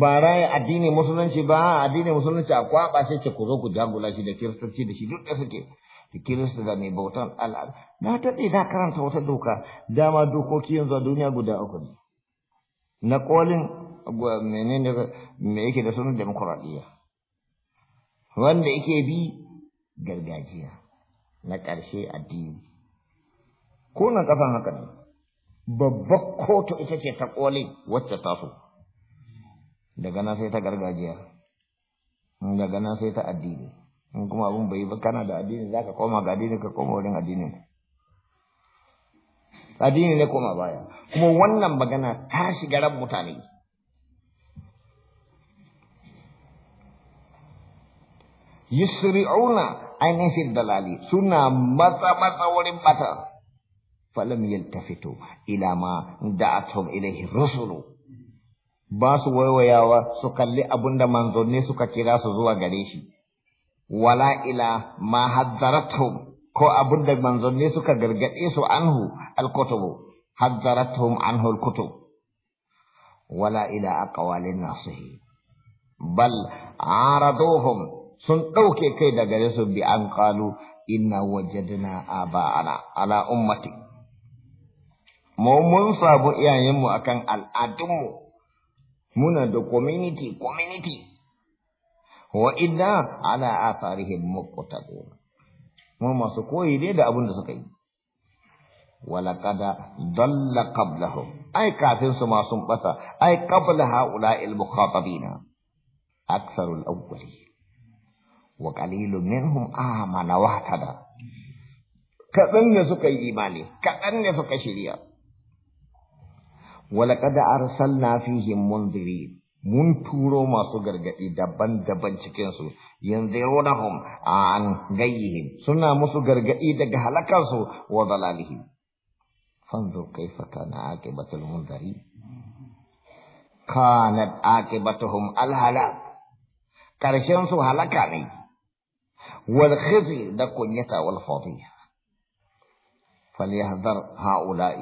ba raya addini musulunci ba addini musulunci a kwaba sai ce ku zo ku jagula shi da kiristanci da shi duk da suke da kirista da mai bautan al'adu na taɗe na karanta wata doka dama dokoki yanzu a duniya guda uku ne na kolin menene me yake da sunan demokuraɗiyya wanda yake bi gargajiya na ƙarshe addini ko na ƙasan haka ne babbar kotu ita ce ta ƙole wacce ta so daga nan sai ta gargajiya daga nan sai ta addini in kuma abin bai ba kana da addini za ka koma ga addini ka koma wurin addinin addini ne koma baya kuma wannan magana ta shiga ran mutane yusri'una عينه في الدلالي سنة مطا مطا ولمطا فلم يلتفتوا إلى ما دعتهم إليه الرسل باسو ويوياوا سكالي أبند منظرني سكالكراس زوا قريشي ولا إلى ما حذرتهم كو أبند منظرني سكالكراس عنه الكتب حذرتهم عنه الكتب ولا إلى أقوال الناصحين بل عارضوهم sun ɗauke kai daga yasu bi an kalu inna wajadna aba'ana ala ummati mu mun sabu iyayenmu a kan al'adunmu muna da community community wa inna ala atharihim muqtadun Mun masu koyi ne da abin da suka yi ولقد Ai kafin su masu سما Ai أي قبل هؤلاء المخاطبين aksarul الأولين wa qalilun minhum amana ah, wa tada kaɗan ne suka yi imani kaɗan ne suka shirya ولقد أرسلنا فيهم منذرين mun turo masu gargaɗi daban-daban cikinsu yanzirunahum an gayyihim suna musu gargaɗi daga halakarsu wa zalalihim fanzur kaifa kana aqibatul munzari kanat aqibatuhum al halak karshen su halaka ne والخزي ده كنيتا والفضيح فليهذر هؤلاء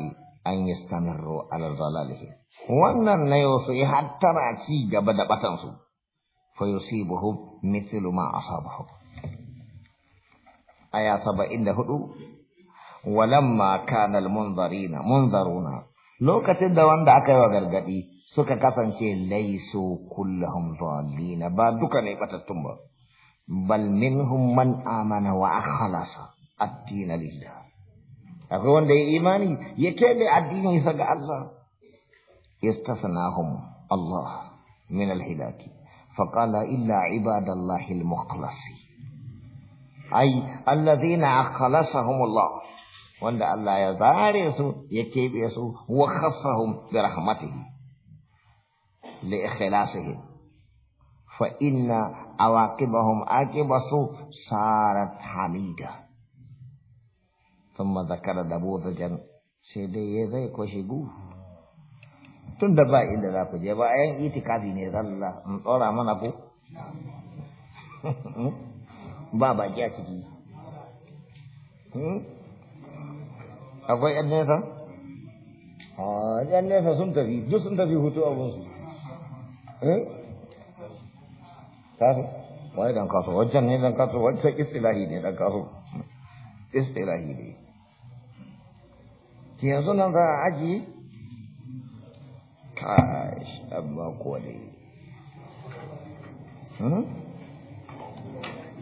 أن يستمروا على الظلاله وأن لا النيوصي حتى ما ماكيجة بدأ بتنصو فيصيبهم مثل ما أصابهم أيا سبا إن هدو ولما كان المنظرين منظرون لو كتد واندعك وغرغدي سكا كفن شيء ليسوا كلهم ظالين بادوك نيبت التنبه بل منهم من آمن وأخلص الدين لله أقول وان إيماني يكيب الدين يسجع الله استثناهم الله من الهلاك فقال إلا عباد الله المخلصين أي الذين أخلصهم الله وان الله يزار يسوع يكيب يسوع وخصهم برحمته لإخلاصهم فإن awaqibahum aqibasu sarat hamida thumma zakara dabudajan sai dai ya zai ko shigu tun da ba inda za ku je ba ayan itikafi ne zalla in hmm? ba baki a hmm? akwai yan nesa ah, yan nesa sun tafi hutu eh dan wajen ne dan istilahi ne dan istilahi ne ki yanzu nan za a aji kash amma ko hmm?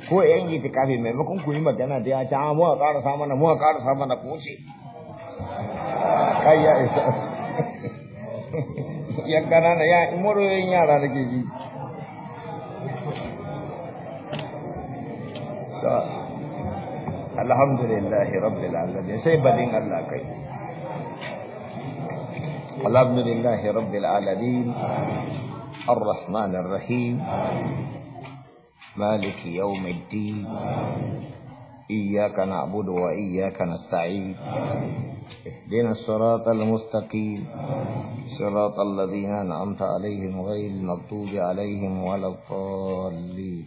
ko yan yi tikafi maimakon ku yi magana da ya ta mu a ƙarasa ah, mu a ƙarasa mana ko ce kai ya isa yan ya imoro yan yara da ke ji الحمد لله رب العالمين alamin sai badin Allah الحمد لله رب العالمين الرحمن الرحيم مالك يوم الدين إياك نعبد وإياك نستعين اهدنا الصراط المستقيم صراط الذين أنعمت عليهم غير المغضوب عليهم ولا الضالين